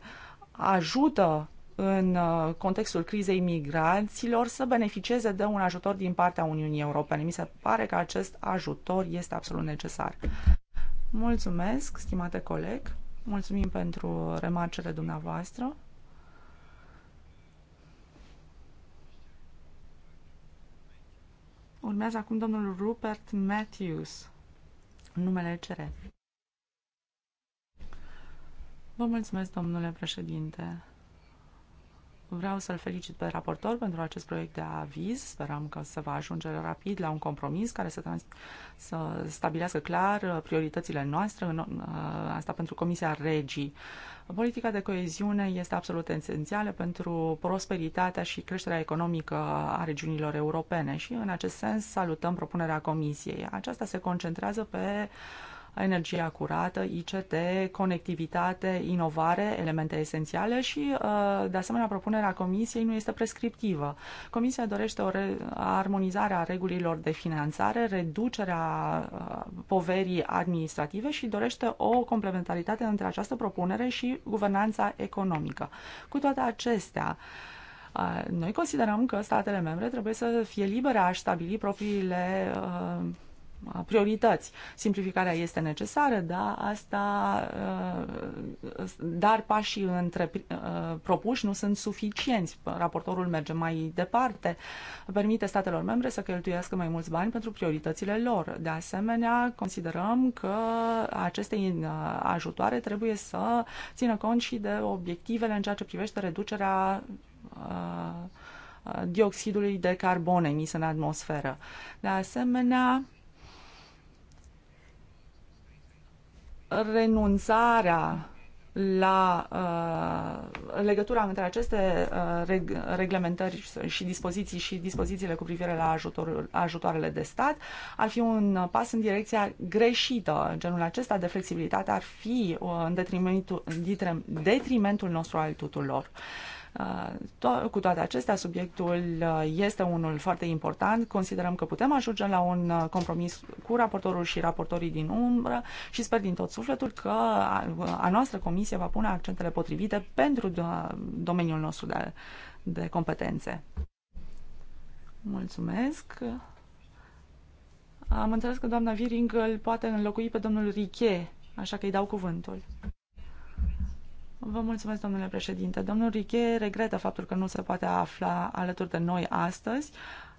ajută în uh, contextul crizei migranților să beneficieze de un ajutor din partea Uniunii Europene. Mi se pare că acest ajutor este absolut necesar. Mulțumesc, stimate coleg. Mulțumim pentru remarcele dumneavoastră. Urmează acum domnul Rupert Matthews, numele CR. Vă mulțumesc, domnule președinte. Vreau să-l felicit pe raportor pentru acest proiect de aviz. Sperăm că se va ajunge rapid la un compromis care să, trans- să stabilească clar prioritățile noastre, în, uh, asta pentru Comisia Regii. Politica de coeziune este absolut esențială pentru prosperitatea și creșterea economică a regiunilor europene și în acest sens salutăm propunerea Comisiei. Aceasta se concentrează pe energia curată, ICT, conectivitate, inovare, elemente esențiale și, uh, de asemenea, propunerea Comisiei nu este prescriptivă. Comisia dorește o armonizare a regulilor de finanțare, reducerea uh, poverii administrative și dorește o complementaritate între această propunere și guvernanța economică. Cu toate acestea, uh, noi considerăm că statele membre trebuie să fie libere a stabili propriile uh, priorități. Simplificarea este necesară, da, asta, uh, dar pașii între, uh, propuși nu sunt suficienți. Raportorul merge mai departe, permite statelor membre să cheltuiască mai mulți bani pentru prioritățile lor. De asemenea, considerăm că aceste uh, ajutoare trebuie să țină cont și de obiectivele în ceea ce privește reducerea dioxidului de carbon emis în atmosferă. De asemenea, renunțarea la uh, legătura între aceste uh, reg reglementări și dispoziții și dispozițiile cu privire la ajutorul, ajutoarele de stat ar fi un pas în direcția greșită. Genul acesta de flexibilitate ar fi uh, în detrimentul, detrimentul nostru al tuturor. Uh, Uh, cu toate acestea, subiectul uh, este unul foarte important. Considerăm că putem ajunge la un uh, compromis cu raportorul și raportorii din umbră și sper din tot sufletul că a noastră comisie va pune accentele potrivite pentru domeniul nostru de, de competențe. Mulțumesc. Am înțeles că doamna Viring îl poate înlocui pe domnul Riche, așa că îi dau cuvântul. Vă mulțumesc, domnule președinte. Domnul Riche regretă faptul că nu se poate afla alături de noi astăzi.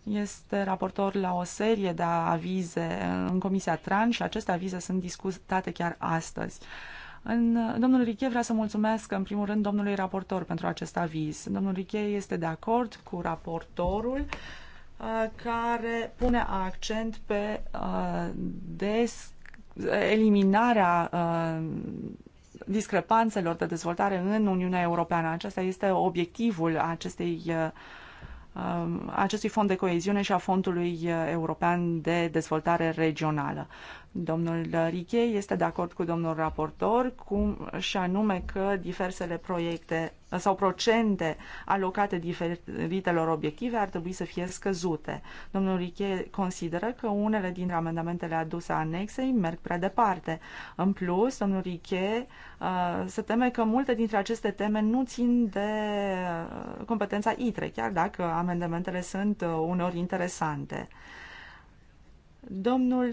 Este raportor la o serie de avize în Comisia Tran și aceste avize sunt discutate chiar astăzi. În, domnul Riche vrea să mulțumesc în primul rând domnului raportor pentru acest aviz. Domnul Riche este de acord cu raportorul uh, care pune accent pe uh, des, eliminarea uh, discrepanțelor de dezvoltare în Uniunea Europeană. Acesta este obiectivul acestei, uh, um, acestui fond de coeziune și a Fondului European de Dezvoltare Regională. Domnul Riche este de acord cu domnul raportor, cum și anume că diversele proiecte sau procente alocate diferitelor obiective ar trebui să fie scăzute. Domnul Riche consideră că unele dintre amendamentele aduse anexei merg prea departe. În plus, domnul Riche uh, se teme că multe dintre aceste teme nu țin de uh, competența ITRE, chiar dacă amendamentele sunt uh, uneori interesante. Domnul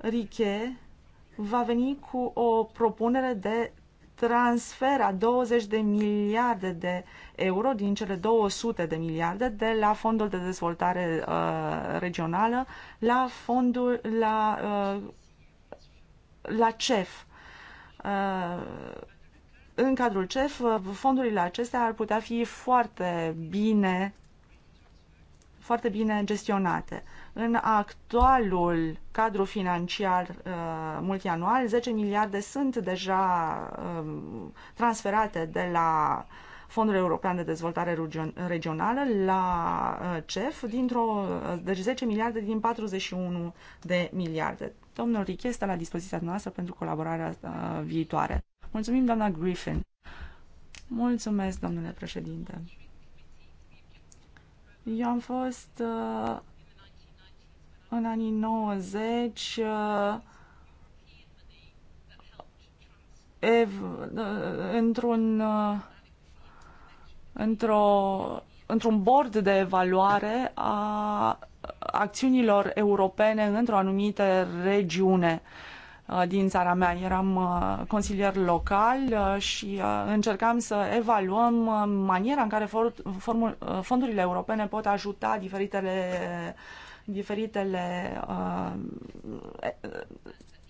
Riche va veni cu o propunere de transfer a 20 de miliarde de euro din cele 200 de miliarde de la Fondul de Dezvoltare uh, Regională la fondul la, uh, la CEF. Uh, în cadrul CEF, uh, fondurile acestea ar putea fi foarte bine foarte bine gestionate. În actualul cadru financiar uh, multianual, 10 miliarde sunt deja uh, transferate de la Fondul European de Dezvoltare Regională la uh, CEF, dintr-o, uh, deci 10 miliarde din 41 de miliarde. Domnul Riche este la dispoziția noastră pentru colaborarea uh, viitoare. Mulțumim, doamna Griffin. Mulțumesc, domnule președinte. Eu am fost uh, în anii 90 uh, uh, într-un uh, într-o într-un bord de evaluare a acțiunilor europene într-o anumită regiune din țara mea. Eram consilier local și încercam să evaluăm maniera în care fondurile europene pot ajuta diferitele diferitele uh,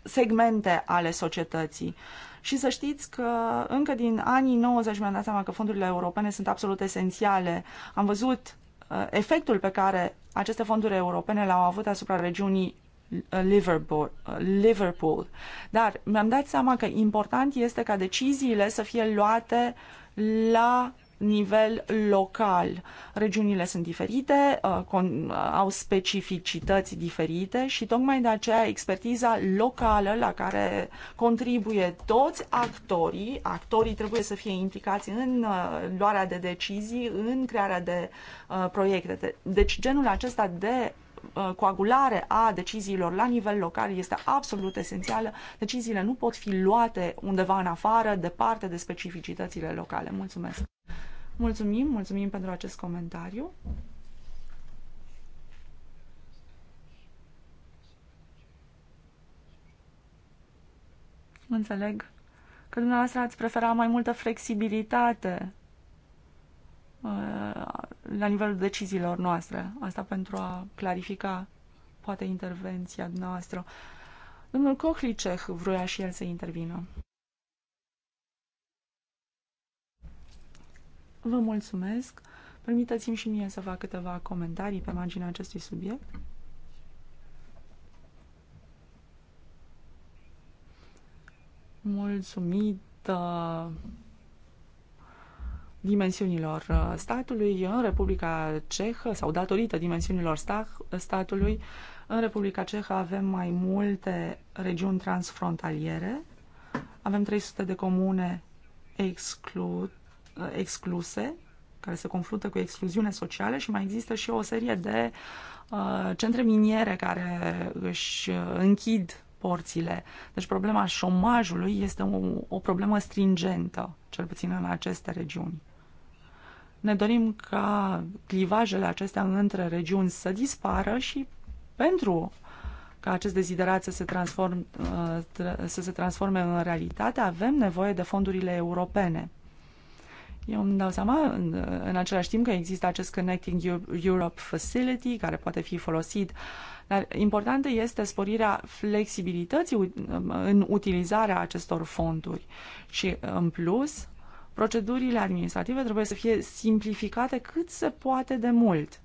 segmente ale societății. Și să știți că încă din anii 90 mi-am dat seama că fondurile europene sunt absolut esențiale. Am văzut uh, efectul pe care aceste fonduri europene l-au avut asupra regiunii uh, Liverpool. Uh, Liverpool. Dar mi-am dat seama că important este ca deciziile să fie luate la nivel local. Regiunile sunt diferite, uh, uh, au specificități diferite și tocmai de aceea expertiza locală la care contribuie toți actorii, actorii trebuie să fie implicați în uh, luarea de decizii, în crearea de proiecte. Deci genul acesta de Uh, coagulare a deciziilor la nivel local este absolut esențială. Deciziile nu pot fi luate undeva în afară, departe de specificitățile locale. Mulțumesc! Mulțumim, mulțumim pentru acest comentariu. Înțeleg că dumneavoastră ați prefera mai multă flexibilitate Uh, la nivelul deciziilor noastre. Asta pentru a clarifica poate intervenția noastră. Domnul Kohlicek vroia și el să intervină. Vă mulțumesc. Permiteți-mi și mie să fac câteva comentarii pe marginea acestui subiect. Mulțumită dimensiunilor uh, statului în Republica Cehă sau datorită dimensiunilor statului în Republica Cehă avem mai multe regiuni transfrontaliere, avem 300 de comune exclu, uh, excluse, care se confruntă cu excluziune socială și mai există și o serie de uh, centre miniere care își uh, închid porțile. Deci problema șomajului este o, o problemă stringentă, cel puțin în aceste regiuni. Ne dorim ca clivajele acestea între regiuni să dispară și pentru ca acest deziderat să se, transform, uh, să se transforme în realitate, avem nevoie de fondurile europene. Eu îmi dau seama în, în același timp că există acest Connecting Europe Facility care poate fi folosit, dar importantă este sporirea flexibilității uh, în utilizarea acestor fonduri și, în plus, Procedurile administrative trebuie să fie simplificate cât se poate de mult.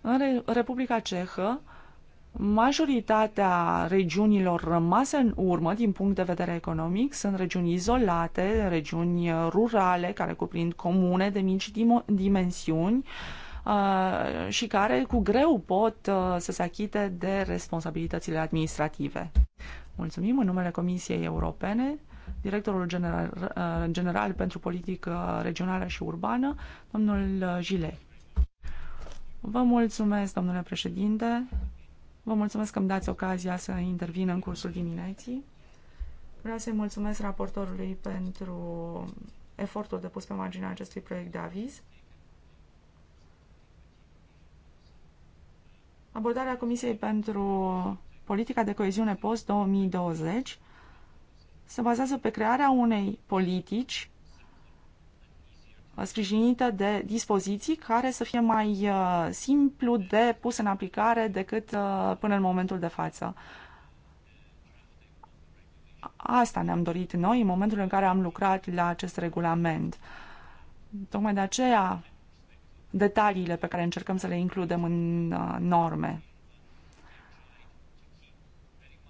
În Republica Cehă, majoritatea regiunilor rămase în urmă din punct de vedere economic sunt regiuni izolate, regiuni uh, rurale care cuprind comune de mici dimensiuni uh, și care cu greu pot uh, să se achite de responsabilitățile administrative. Mulțumim în numele Comisiei Europene directorul general, uh, general pentru politică regională și urbană, domnul uh, Gile. Vă mulțumesc, domnule președinte. Vă mulțumesc că îmi dați ocazia să intervin în cursul dimineții. Vreau să-i mulțumesc raportorului pentru efortul depus pe marginea acestui proiect de aviz. Abordarea Comisiei pentru politica de coeziune post-2020 se bazează pe crearea unei politici uh, sprijinită de dispoziții care să fie mai uh, simplu de pus în aplicare decât uh, până în momentul de față. Asta ne-am dorit noi în momentul în care am lucrat la acest regulament. Tocmai de aceea detaliile pe care încercăm să le includem în norme.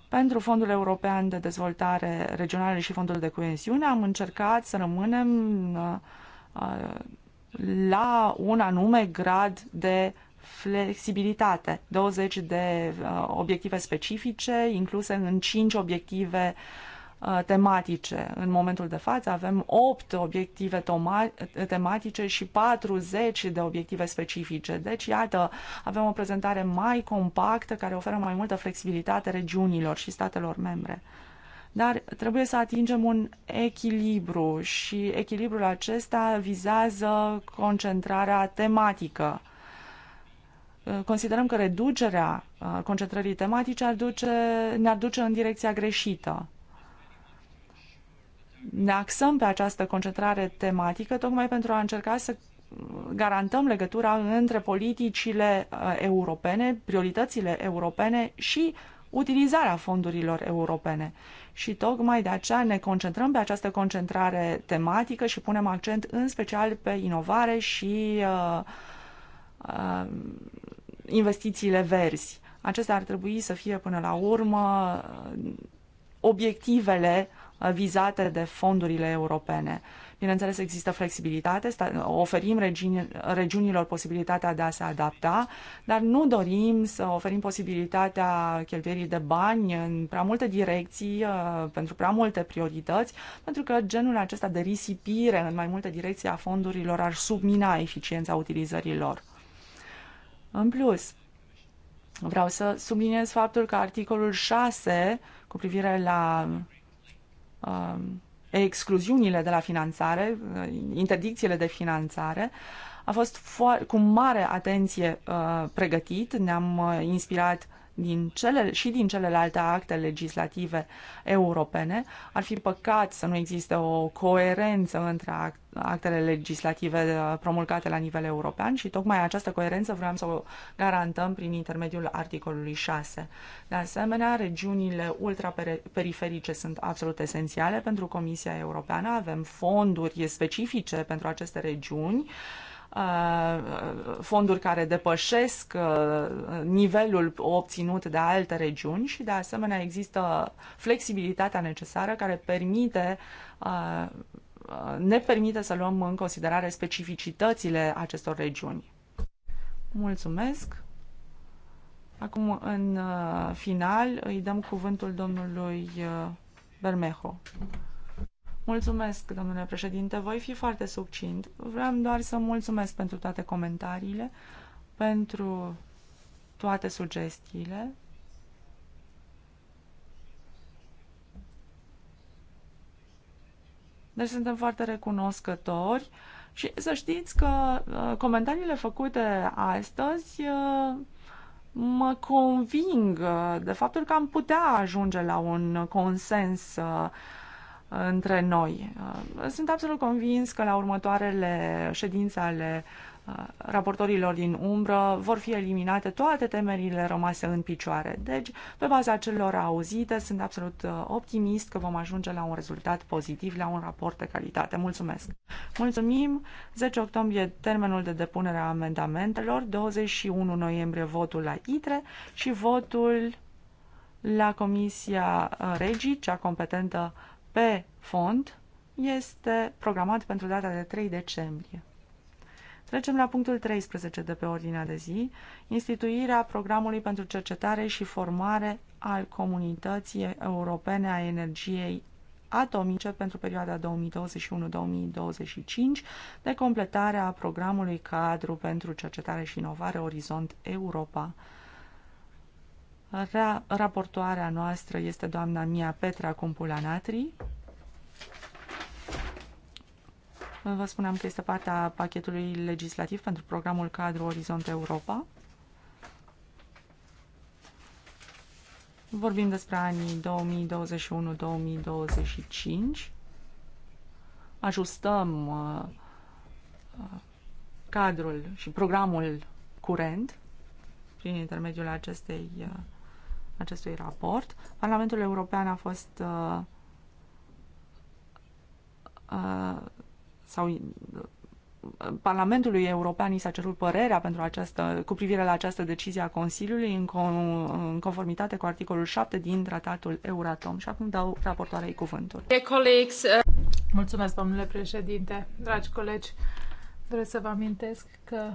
Pentru Fondul European de Dezvoltare Regională și Fondul de Coeziune am încercat să rămânem uh, la un anume grad de flexibilitate, 20 de uh, obiective specifice incluse în 5 obiective uh, Uh, tematice. În momentul de față avem 8 obiective tematice și 40 de obiective specifice. Deci, iată, avem o prezentare mai compactă care oferă mai multă flexibilitate regiunilor și statelor membre. Dar trebuie să atingem un echilibru și echilibrul acesta vizează concentrarea tematică uh, considerăm că reducerea uh, concentrării tematice ar duce, ne-ar duce în direcția greșită ne axăm pe această concentrare tematică tocmai pentru a încerca să garantăm legătura între politicile uh, europene, prioritățile europene și utilizarea fondurilor europene. Și tocmai de aceea ne concentrăm pe această concentrare tematică și punem accent în special pe inovare și uh, uh, investițiile verzi. Acestea ar trebui să fie până la urmă obiectivele vizate de fondurile europene. Bineînțeles, există flexibilitate, oferim regiunilor posibilitatea de a se adapta, dar nu dorim să oferim posibilitatea cheltuierii de bani în prea multe direcții, uh, pentru prea multe priorități, pentru că genul acesta de risipire în mai multe direcții a fondurilor ar submina eficiența utilizării lor. În plus, vreau să subliniez faptul că articolul 6 cu privire la Um, excluziunile de la finanțare, uh, interdicțiile de finanțare, a fost cu mare atenție uh, pregătit, ne-am uh, inspirat din cele, și din celelalte acte legislative europene. Ar fi păcat să nu existe o coerență între act, actele legislative uh, promulgate la nivel european și tocmai această coerență vreau să o garantăm prin intermediul articolului 6. De asemenea, regiunile ultraperiferice sunt absolut esențiale pentru Comisia Europeană. Avem fonduri specifice pentru aceste regiuni. Uh, Uh, fonduri care depășesc uh, nivelul obținut de alte regiuni și de asemenea există flexibilitatea necesară care permite uh, ne permite să luăm în considerare specificitățile acestor regiuni. Mulțumesc! Acum, în final, îi dăm cuvântul domnului Bermejo. Mulțumesc, domnule președinte. Voi fi foarte succint. Vreau doar să mulțumesc pentru toate comentariile, pentru toate sugestiile. Deci suntem foarte recunoscători și să știți că uh, comentariile făcute astăzi uh, mă conving uh, de faptul că am putea ajunge la un consens între noi. Uh, sunt absolut convins că la următoarele ședințe ale uh, raportorilor din umbră vor fi eliminate toate temerile rămase în picioare. Deci, pe baza celor auzite, sunt absolut uh, optimist că vom ajunge la un rezultat pozitiv, la un raport de calitate. Mulțumesc! Mulțumim! 10 octombrie termenul de depunere a amendamentelor, 21 noiembrie votul la ITRE și votul la Comisia Regii, cea competentă pe fond este programat pentru data de 3 decembrie. Trecem la punctul 13 de pe ordinea de zi, instituirea programului pentru cercetare și formare al comunității europene a energiei atomice pentru perioada 2021-2025 de completare a programului cadru pentru cercetare și inovare Orizont Europa Ra- raportoarea noastră este doamna Mia Petra Cumpulanatri. Vă spuneam că este partea pachetului legislativ pentru programul cadru Orizont Europa. Vorbim despre anii 2021-2025. Ajustăm uh, uh, cadrul și programul curent prin intermediul acestei uh, acestui raport. Parlamentul European a fost uh, uh, sau Parlamentului European i s-a cerut părerea pentru această, cu privire la această decizie a Consiliului în, con, în conformitate cu articolul 7 din tratatul Euratom. Și acum dau raportoarei cuvântul. Uh, Mulțumesc, domnule președinte, dragi colegi. Vreau să vă amintesc că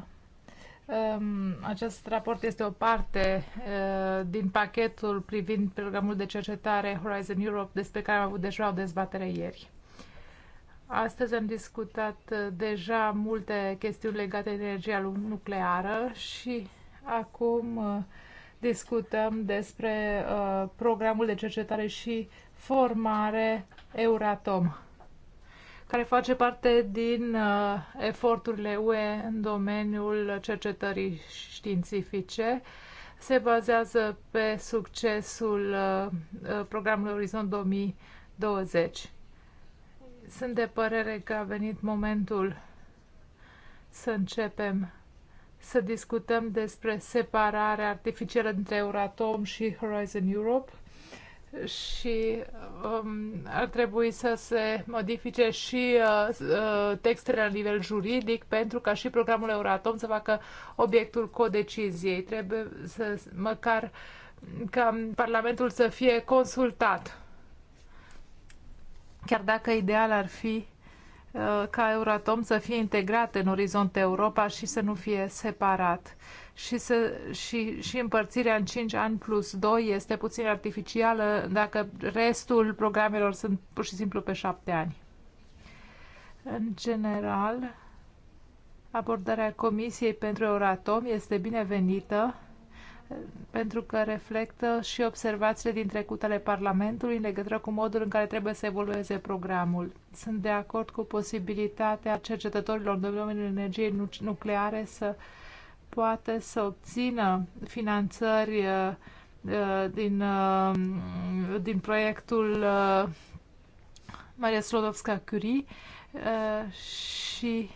Ehm, acest raport este o parte eh, din pachetul privind programul de cercetare Horizon Europe, despre care am avut deja o dezbatere ieri. Astăzi am discutat eh, deja multe chestiuni legate de energia nucleară și acum eh, discutăm despre programul de cercetare și formare Euratom care face parte din uh, eforturile UE în domeniul cercetării științifice. Se bazează pe succesul uh, uh programului Orizont 2020. Sunt de părere că a venit momentul să începem să discutăm despre separarea artificială dintre Euratom și Horizon Europe și um, ar trebui să se modifice și uh, uh, textele la nivel juridic pentru ca și programul Euratom să facă obiectul codeciziei. Trebuie să măcar ca Parlamentul să fie consultat. Chiar dacă ideal ar fi uh, ca Euratom să fie integrat în Orizont Europa și să nu fie separat și, să, și, și împărțirea în 5 ani plus 2 este puțin artificială dacă restul programelor sunt pur și simplu pe 7 ani. În general, abordarea Comisiei pentru Euratom este binevenită pentru că reflectă și observațiile din trecut ale Parlamentului în legătură cu modul în care trebuie să evolueze programul. Sunt de acord cu posibilitatea cercetătorilor în domeniul energiei nucleare să uh, poate să obțină finanțări uh, uh, din, uh, din proiectul Maria Slodovska-Curie și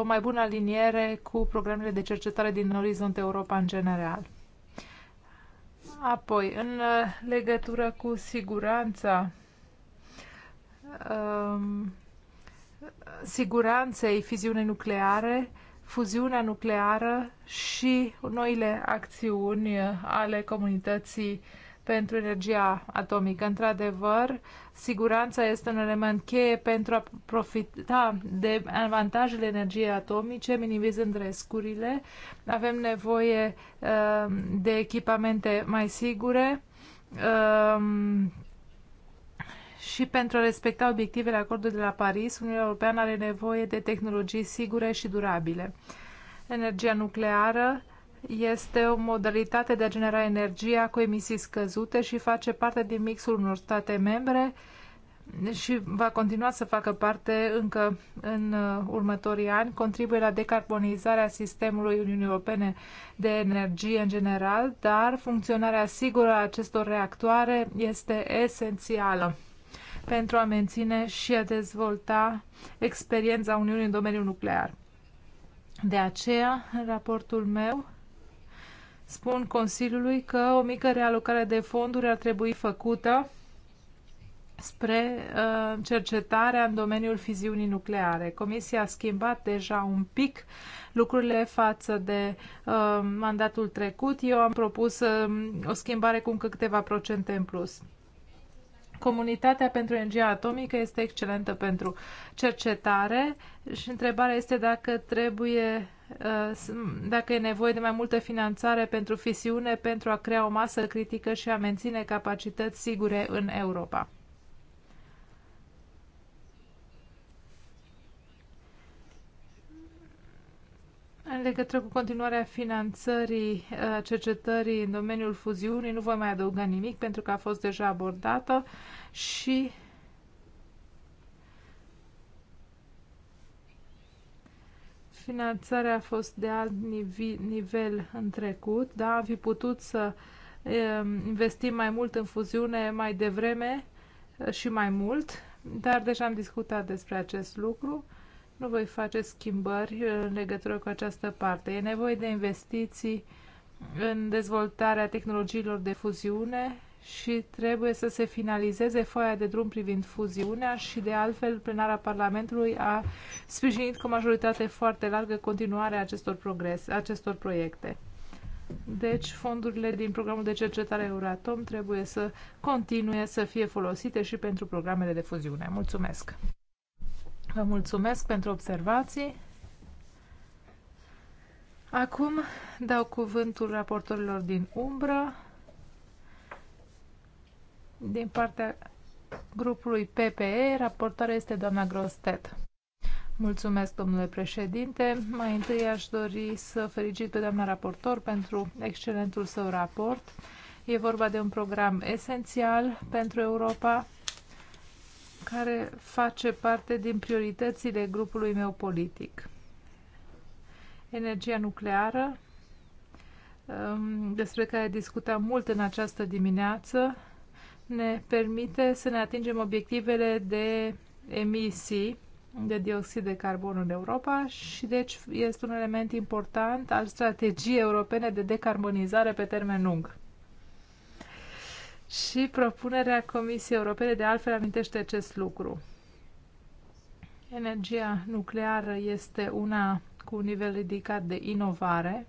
o mai bună aliniere cu programele de cercetare din Orizont Europa în general. Apoi, în legătură cu siguranța um, siguranței fiziunei nucleare, fuziunea nucleară și noile acțiuni ale comunității pentru energia atomică. Într-adevăr, siguranța este un element cheie pentru a profita de avantajele energiei atomice, minimizând riscurile. Avem nevoie uh, de echipamente mai sigure um, și pentru a respecta obiectivele acordului de la Paris, Uniunea Europeană are nevoie de tehnologii sigure și durabile. Energia nucleară este o modalitate de a genera energia cu emisii scăzute și face parte din mixul unor state membre și va continua să facă parte încă în uh, următorii ani, contribuie la decarbonizarea sistemului Uniunii Europene de energie în general, dar funcționarea sigură a acestor reactoare este esențială pentru a menține și a dezvolta experiența Uniunii în domeniul nuclear. De aceea, în raportul meu, spun Consiliului că o mică realocare de fonduri ar trebui făcută spre uh, cercetarea în domeniul fiziunii nucleare. Comisia a schimbat deja un pic lucrurile față de uh, mandatul trecut. Eu am propus uh, o schimbare cu încă câteva procente în plus. Comunitatea pentru energia atomică este excelentă pentru cercetare și întrebarea este dacă trebuie uh, dacă e nevoie de mai multă finanțare pentru fisiune pentru a crea o masă critică și a menține capacități sigure în Europa. În legătură cu continuarea finanțării uh, cercetării în domeniul fuziunii, nu voi mai adăuga nimic pentru că a fost deja abordată și finanțarea a fost de alt nivel în trecut, da, am fi putut să um, investim mai mult în fuziune mai devreme uh, și mai mult, dar deja am discutat despre acest lucru nu voi face schimbări în legătură cu această parte. E nevoie de investiții în dezvoltarea tehnologiilor de fuziune și trebuie să se finalizeze foaia de drum privind fuziunea și de altfel plenara Parlamentului a sprijinit cu majoritate foarte largă continuarea acestor progres, acestor proiecte. Deci, fondurile din programul de cercetare Euratom trebuie să continue să fie folosite și pentru programele de fuziune. Mulțumesc! Vă mulțumesc pentru observații. Acum dau cuvântul raportorilor din umbră din partea grupului PPE. Raportarea este doamna Grostet. Mulțumesc, domnule președinte. Mai întâi aș dori să felicit pe doamna raportor pentru excelentul său raport. E vorba de un program esențial pentru Europa care face parte din prioritățile grupului meu politic. Energia nucleară, um, despre care discutam mult în această dimineață, ne permite să ne atingem obiectivele de emisii de dioxid de carbon în Europa și deci este un element important al strategiei europene de decarbonizare pe termen lung. Și propunerea Comisiei Europene de altfel amintește acest lucru. Energia nucleară este una cu un nivel ridicat de inovare.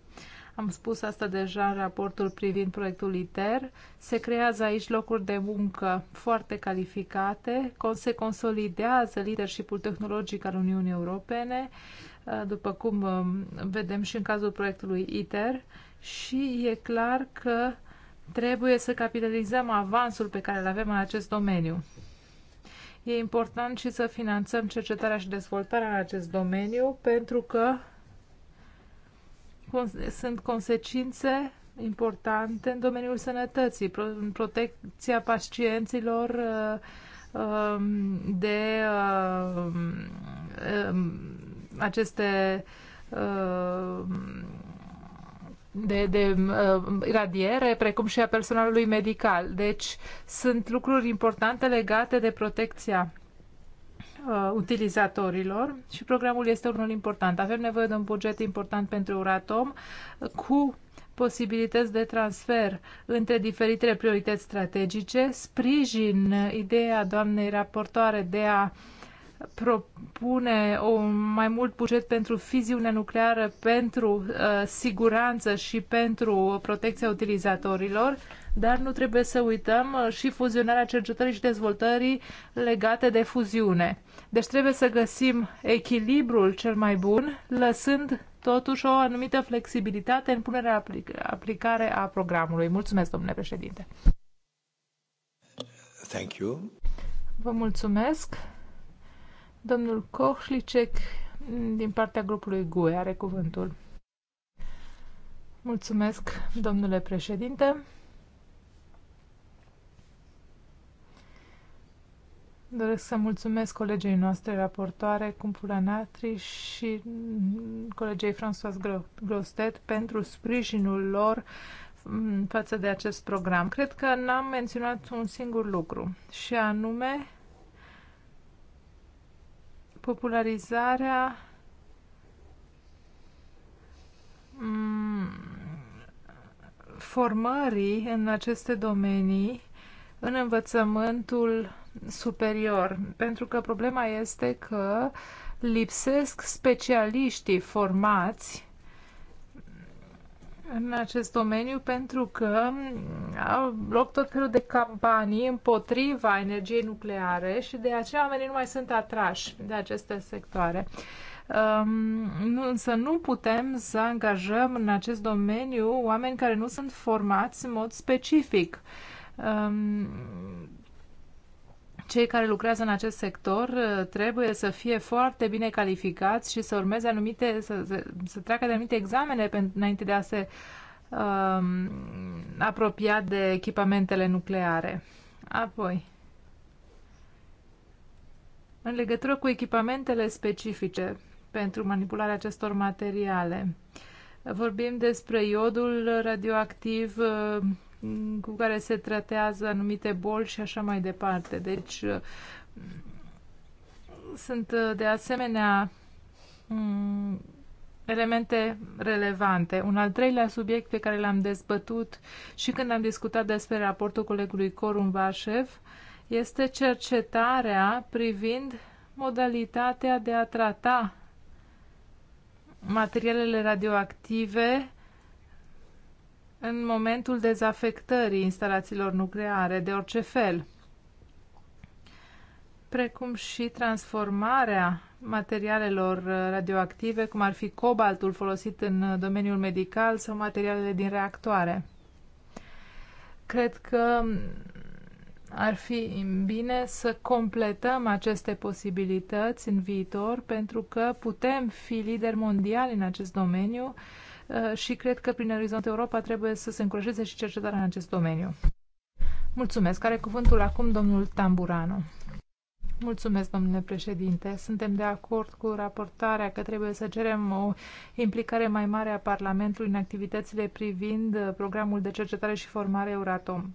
Am spus asta deja în raportul privind proiectul ITER. Se creează aici locuri de muncă foarte calificate, se consolidează leadership-ul tehnologic al Uniunii Europene, uh, după cum um, vedem și în cazul proiectului ITER, și e clar că uh, Trebuie să capitalizăm avansul pe care îl avem în acest domeniu. E important și să finanțăm cercetarea și dezvoltarea în acest domeniu pentru că sunt consecințe importante în domeniul sănătății, în protecția pacienților uh, um, de uh, um, aceste uh, de, de uh, radiere, precum și a personalului medical. Deci sunt lucruri importante legate de protecția uh, utilizatorilor și programul este unul important. Avem nevoie de un buget important pentru Euratom cu posibilități de transfer între diferitele priorități strategice, sprijin ideea doamnei raportoare de a uh, propune o, mai mult buget pentru fiziune nucleară, pentru uh, siguranță și pentru protecția utilizatorilor, dar nu trebuie să uităm uh, și fuzionarea cercetării și dezvoltării legate de fuziune. Deci trebuie să găsim echilibrul cel mai bun, lăsând totuși o anumită flexibilitate în punerea aplic- aplicare a programului. Mulțumesc, domnule președinte. Thank you. Vă mulțumesc. Domnul Kohlicek, din partea grupului GUE, are cuvântul. Mulțumesc, domnule președinte. Doresc să mulțumesc colegei noastre raportoare, Cumpula Natri și colegei François Grostet pentru sprijinul lor mm, față de acest program. Cred că n-am menționat un singur lucru și anume popularizarea mm, formării în aceste domenii în învățământul superior, pentru că problema este că lipsesc specialiștii formați în acest domeniu pentru că au loc tot felul de campanii împotriva energiei nucleare și de aceea oamenii nu mai sunt atrași de aceste sectoare. Um, nu, însă nu putem să angajăm în acest domeniu oameni care nu sunt formați în mod specific um, cei care lucrează în acest sector uh, trebuie să fie foarte bine calificați și să urmeze anumite, să, să, să treacă de anumite examene înainte de a se uh, apropia de echipamentele nucleare. Apoi, în legătură cu echipamentele specifice pentru manipularea acestor materiale, vorbim despre iodul radioactiv, uh, cu care se tratează anumite boli și așa mai departe. Deci uh, sunt uh, de asemenea mm, elemente relevante. Un al treilea subiect pe care l-am dezbătut și când am discutat despre raportul colegului Corun Vașev este cercetarea privind modalitatea de a trata materialele radioactive în momentul dezafectării instalațiilor nucleare de orice fel, precum și transformarea materialelor radioactive, cum ar fi cobaltul folosit în domeniul medical sau materialele din reactoare. Cred că ar fi bine să completăm aceste posibilități în viitor, pentru că putem fi lideri mondiali în acest domeniu Uh, și cred că prin Orizont Europa trebuie să se încurajeze și cercetarea în acest domeniu. Mulțumesc. Are cuvântul acum domnul Tamburano. Mulțumesc, domnule președinte. Suntem de acord cu raportarea că trebuie să cerem o implicare mai mare a Parlamentului în activitățile privind programul de cercetare și formare Euratom.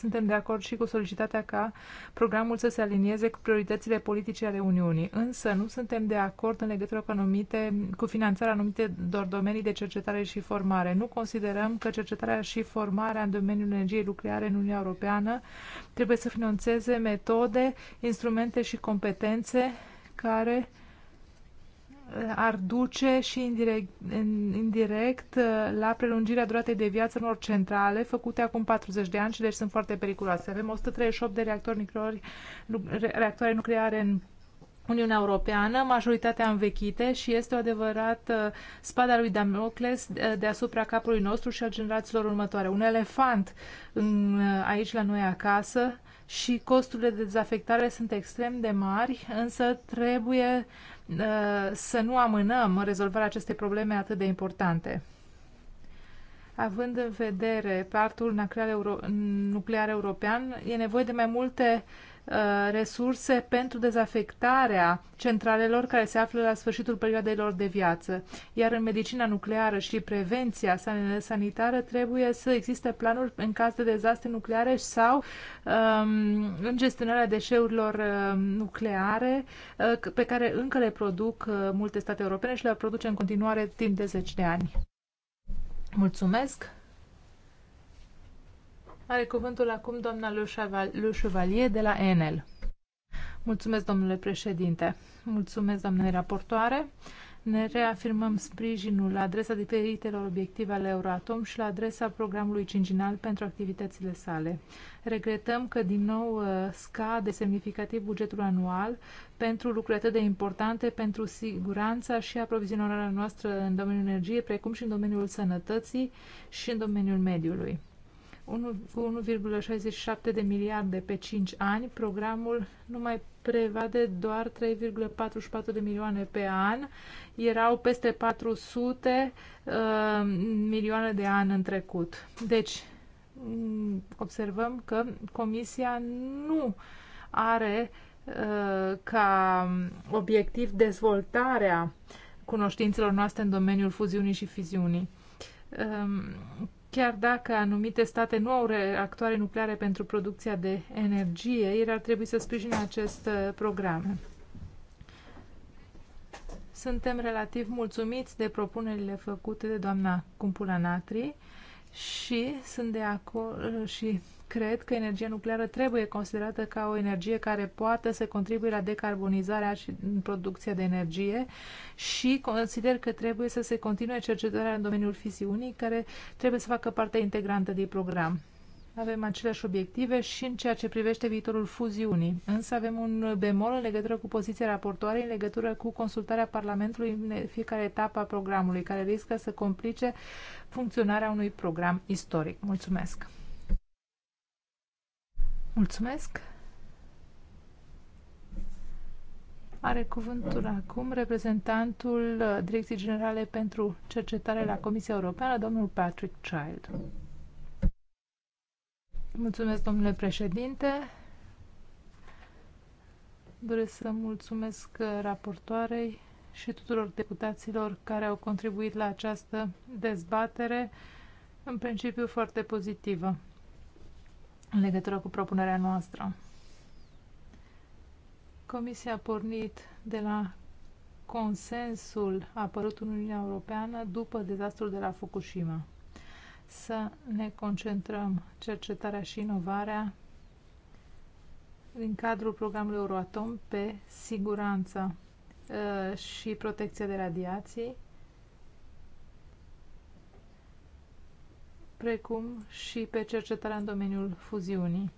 Suntem de acord și cu solicitatea ca programul să se alinieze cu prioritățile politice ale Uniunii, însă nu suntem de acord în legătură cu, anumite, cu finanțarea anumite doar domenii de cercetare și formare. Nu considerăm că cercetarea și formarea în domeniul energiei nucleare în Uniunea Europeană trebuie să finanțeze metode, instrumente și competențe care ar duce și indirect, indirect uh, la prelungirea duratei de viață unor centrale făcute acum 40 de ani și deci sunt foarte periculoase. Avem 138 de reactori nucleari, reactoare nucleare în Uniunea Europeană, majoritatea învechite și este o adevărată uh, spada lui Damocles uh, deasupra capului nostru și al generațiilor următoare. Un elefant în, aici la noi acasă și costurile de dezafectare sunt extrem de mari, însă trebuie uh, Uh, să nu amânăm rezolvarea acestei probleme atât de importante. Având în vedere partul nuclear, nuclear european, e nevoie de mai multe uh, Uh, resurse pentru dezafectarea centralelor care se află la sfârșitul perioadelor de viață. Iar în medicina nucleară și prevenția sanitară trebuie să existe planuri în caz de dezastre nucleare sau um, în gestionarea deșeurilor uh, nucleare uh, pe care încă le produc multe state europene și le produce în continuare timp de 10 de ani. Mulțumesc! Are cuvântul acum doamna Le Chevalier de la Enel. Mulțumesc, domnule președinte. Mulțumesc, doamne raportoare. Ne reafirmăm sprijinul la adresa diferitelor obiective ale Euratom și la adresa programului cincinal pentru activitățile sale. Regretăm că din nou uh, scade semnificativ bugetul anual pentru lucruri atât de importante pentru siguranța și aprovizionarea noastră în domeniul energiei, precum și în domeniul sănătății și în domeniul mediului cu 1,67 de miliarde pe 5 ani. Programul nu mai prevade doar 3,44 de milioane pe an. Erau peste 400 uh, milioane de ani în trecut. Deci, mm, observăm că Comisia nu are uh, ca obiectiv dezvoltarea cunoștințelor noastre în domeniul fuziunii și fiziunii. Ehm, chiar dacă anumite state nu au reactoare nucleare pentru producția de energie, ele ar trebui să sprijine acest uh, program. Suntem relativ mulțumiți de propunerile făcute de doamna Cumpula Natri și sunt de acord și cred că energia nucleară trebuie considerată ca o energie care poate să contribuie la decarbonizarea și producția de energie și consider că trebuie să se continue cercetarea în domeniul fisiunii, care trebuie să facă parte integrantă din program. Avem aceleași obiective și în ceea ce privește viitorul fuziunii. Însă avem un bemol în legătură cu poziția raportoarei, în legătură cu consultarea Parlamentului în fiecare etapă a programului, care riscă să complice funcționarea unui program istoric. Mulțumesc! Mulțumesc. Are cuvântul acum reprezentantul uh, Direcției Generale pentru Cercetare la Comisia Europeană, domnul Patrick Child. Mulțumesc, domnule președinte. Doresc să mulțumesc uh, raportoarei și tuturor deputaților care au contribuit la această dezbatere, în principiu foarte pozitivă în legătură cu propunerea noastră. Comisia a pornit de la consensul apărut în Uniunea Europeană după dezastrul de la Fukushima. Să ne concentrăm cercetarea și inovarea în cadrul programului Euroatom pe siguranță uh, și protecție de radiații, precum și pe cercetarea în domeniul fuziunii.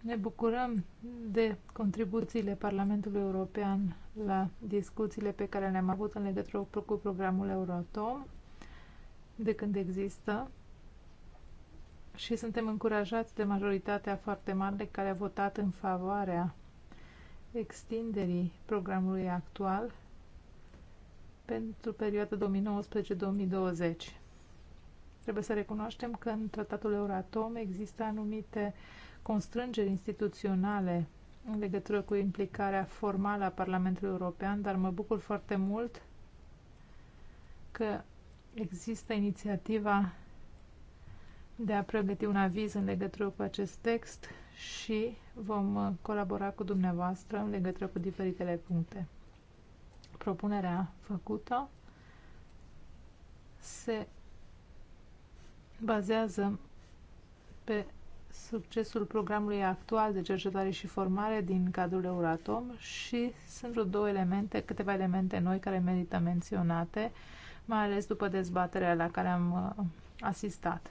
Ne bucurăm de contribuțiile Parlamentului European la discuțiile pe care le-am avut în legătură cu programul Euroatom de când există și suntem încurajați de majoritatea foarte mare care a votat în favoarea extinderii programului actual pentru perioada 2019-2020. Trebuie să recunoaștem că în tratatul Euratom există anumite constrângeri instituționale în legătură cu implicarea formală a Parlamentului European, dar mă bucur foarte mult că există inițiativa de a pregăti un aviz în legătură cu acest text și vom uh, colabora cu dumneavoastră în legătură cu diferitele puncte propunerea făcută se bazează pe succesul programului actual de cercetare și formare din cadrul Euratom și sunt vreo două elemente, câteva elemente noi care merită menționate, mai ales după dezbaterea la care am uh, asistat.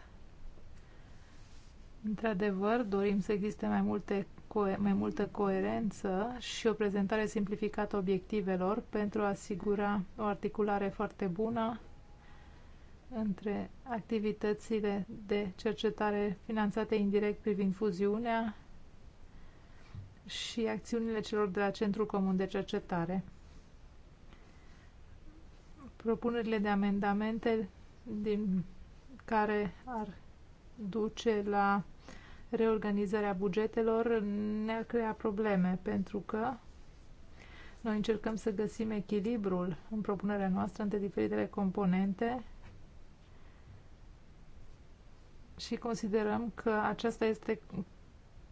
Într-adevăr, dorim să existe mai multe mai multă coerență și o prezentare simplificată obiectivelor pentru a asigura o articulare foarte bună între activitățile de cercetare finanțate indirect privind fuziunea și acțiunile celor de la Centrul Comun de Cercetare. Propunerile de amendamente din care ar duce la reorganizarea bugetelor ne-ar crea probleme, pentru că noi încercăm să găsim echilibrul în propunerea noastră între diferitele componente și considerăm că aceasta este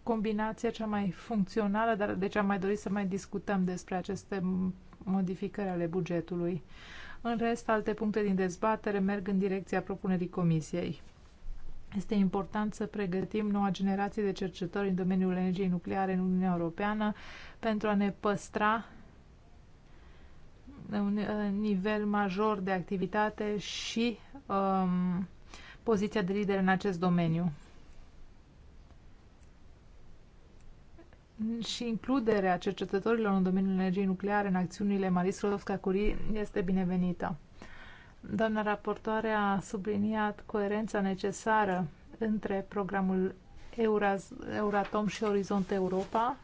combinația cea mai funcțională, dar deci am mai dorit să mai discutăm despre aceste modificări ale bugetului. În rest, alte puncte din dezbatere merg în direcția propunerii comisiei. Este important să pregătim noua generație de cercetători în domeniul energiei nucleare în Uniunea Europeană pentru a ne păstra un uh, nivel major de activitate și um, poziția de lider în acest domeniu. Și includerea cercetătorilor în domeniul energiei nucleare în acțiunile Maris rodovska curie este binevenită. Doamna raportoare a subliniat coerența necesară între programul Euraz, Euratom și Orizont Europa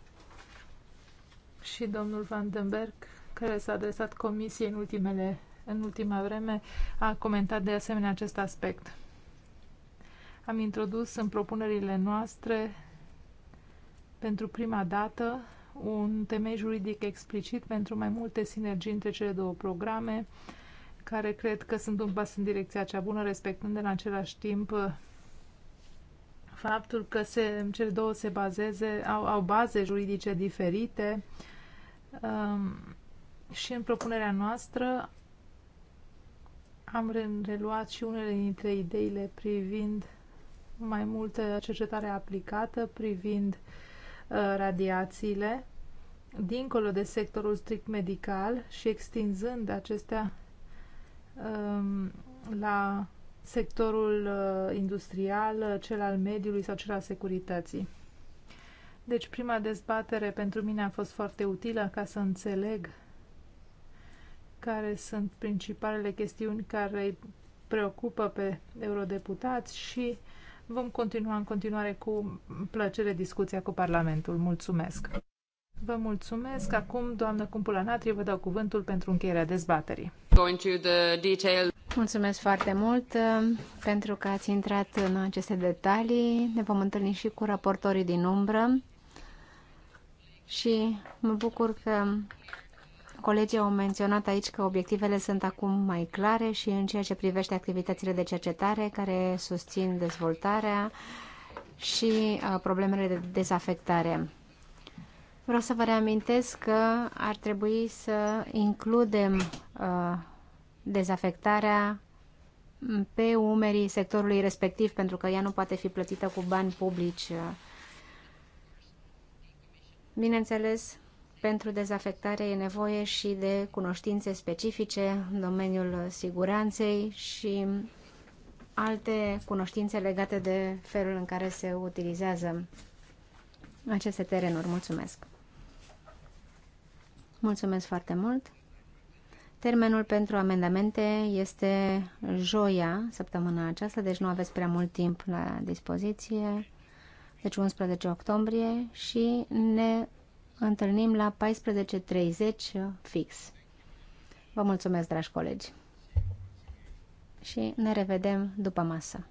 și domnul Vandenberg, care s-a adresat comisiei în, ultimele, în ultima vreme, a comentat de asemenea acest aspect. Am introdus în propunerile noastre pentru prima dată un temei juridic explicit pentru mai multe sinergii între cele două programe, uh, care cred că sunt un pas în direcția cea bună, respectând în același timp uh, faptul că se, cele două se bazeze, au, au baze juridice diferite um, și în propunerea noastră am reluat și unele dintre ideile privind mai multă cercetare aplicată, privind uh, radiațiile, dincolo de sectorul strict medical și extinzând acestea Um, la sectorul uh, industrial, uh, cel al mediului sau cel al securității. Deci prima dezbatere pentru mine a fost foarte utilă ca să înțeleg care sunt principalele chestiuni care îi preocupă pe eurodeputați și vom continua în continuare cu plăcere discuția cu Parlamentul. Mulțumesc! Vă mulțumesc. Acum, doamnă Natri, vă dau cuvântul pentru încheierea dezbaterii. Mulțumesc foarte mult uh, pentru că ați intrat în aceste detalii. Ne vom întâlni și cu raportorii din umbră și mă bucur că Colegii au menționat aici că obiectivele sunt acum mai clare și în ceea ce privește activitățile de cercetare care susțin dezvoltarea și uh, problemele de dezafectare. Vreau să vă reamintesc că ar trebui să includem uh, dezafectarea pe umerii sectorului respectiv, pentru că ea nu poate fi plătită cu bani publici. Uh. Bineînțeles, pentru dezafectare e nevoie și de cunoștințe specifice în domeniul siguranței și alte cunoștințe legate de felul în care se utilizează aceste terenuri. Mulțumesc! Mulțumesc foarte mult! Termenul pentru amendamente este joia, săptămâna aceasta, deci nu aveți prea mult timp la dispoziție, deci 11 octombrie și ne întâlnim la 14.30 fix. Vă mulțumesc, dragi colegi! Și ne revedem după masă.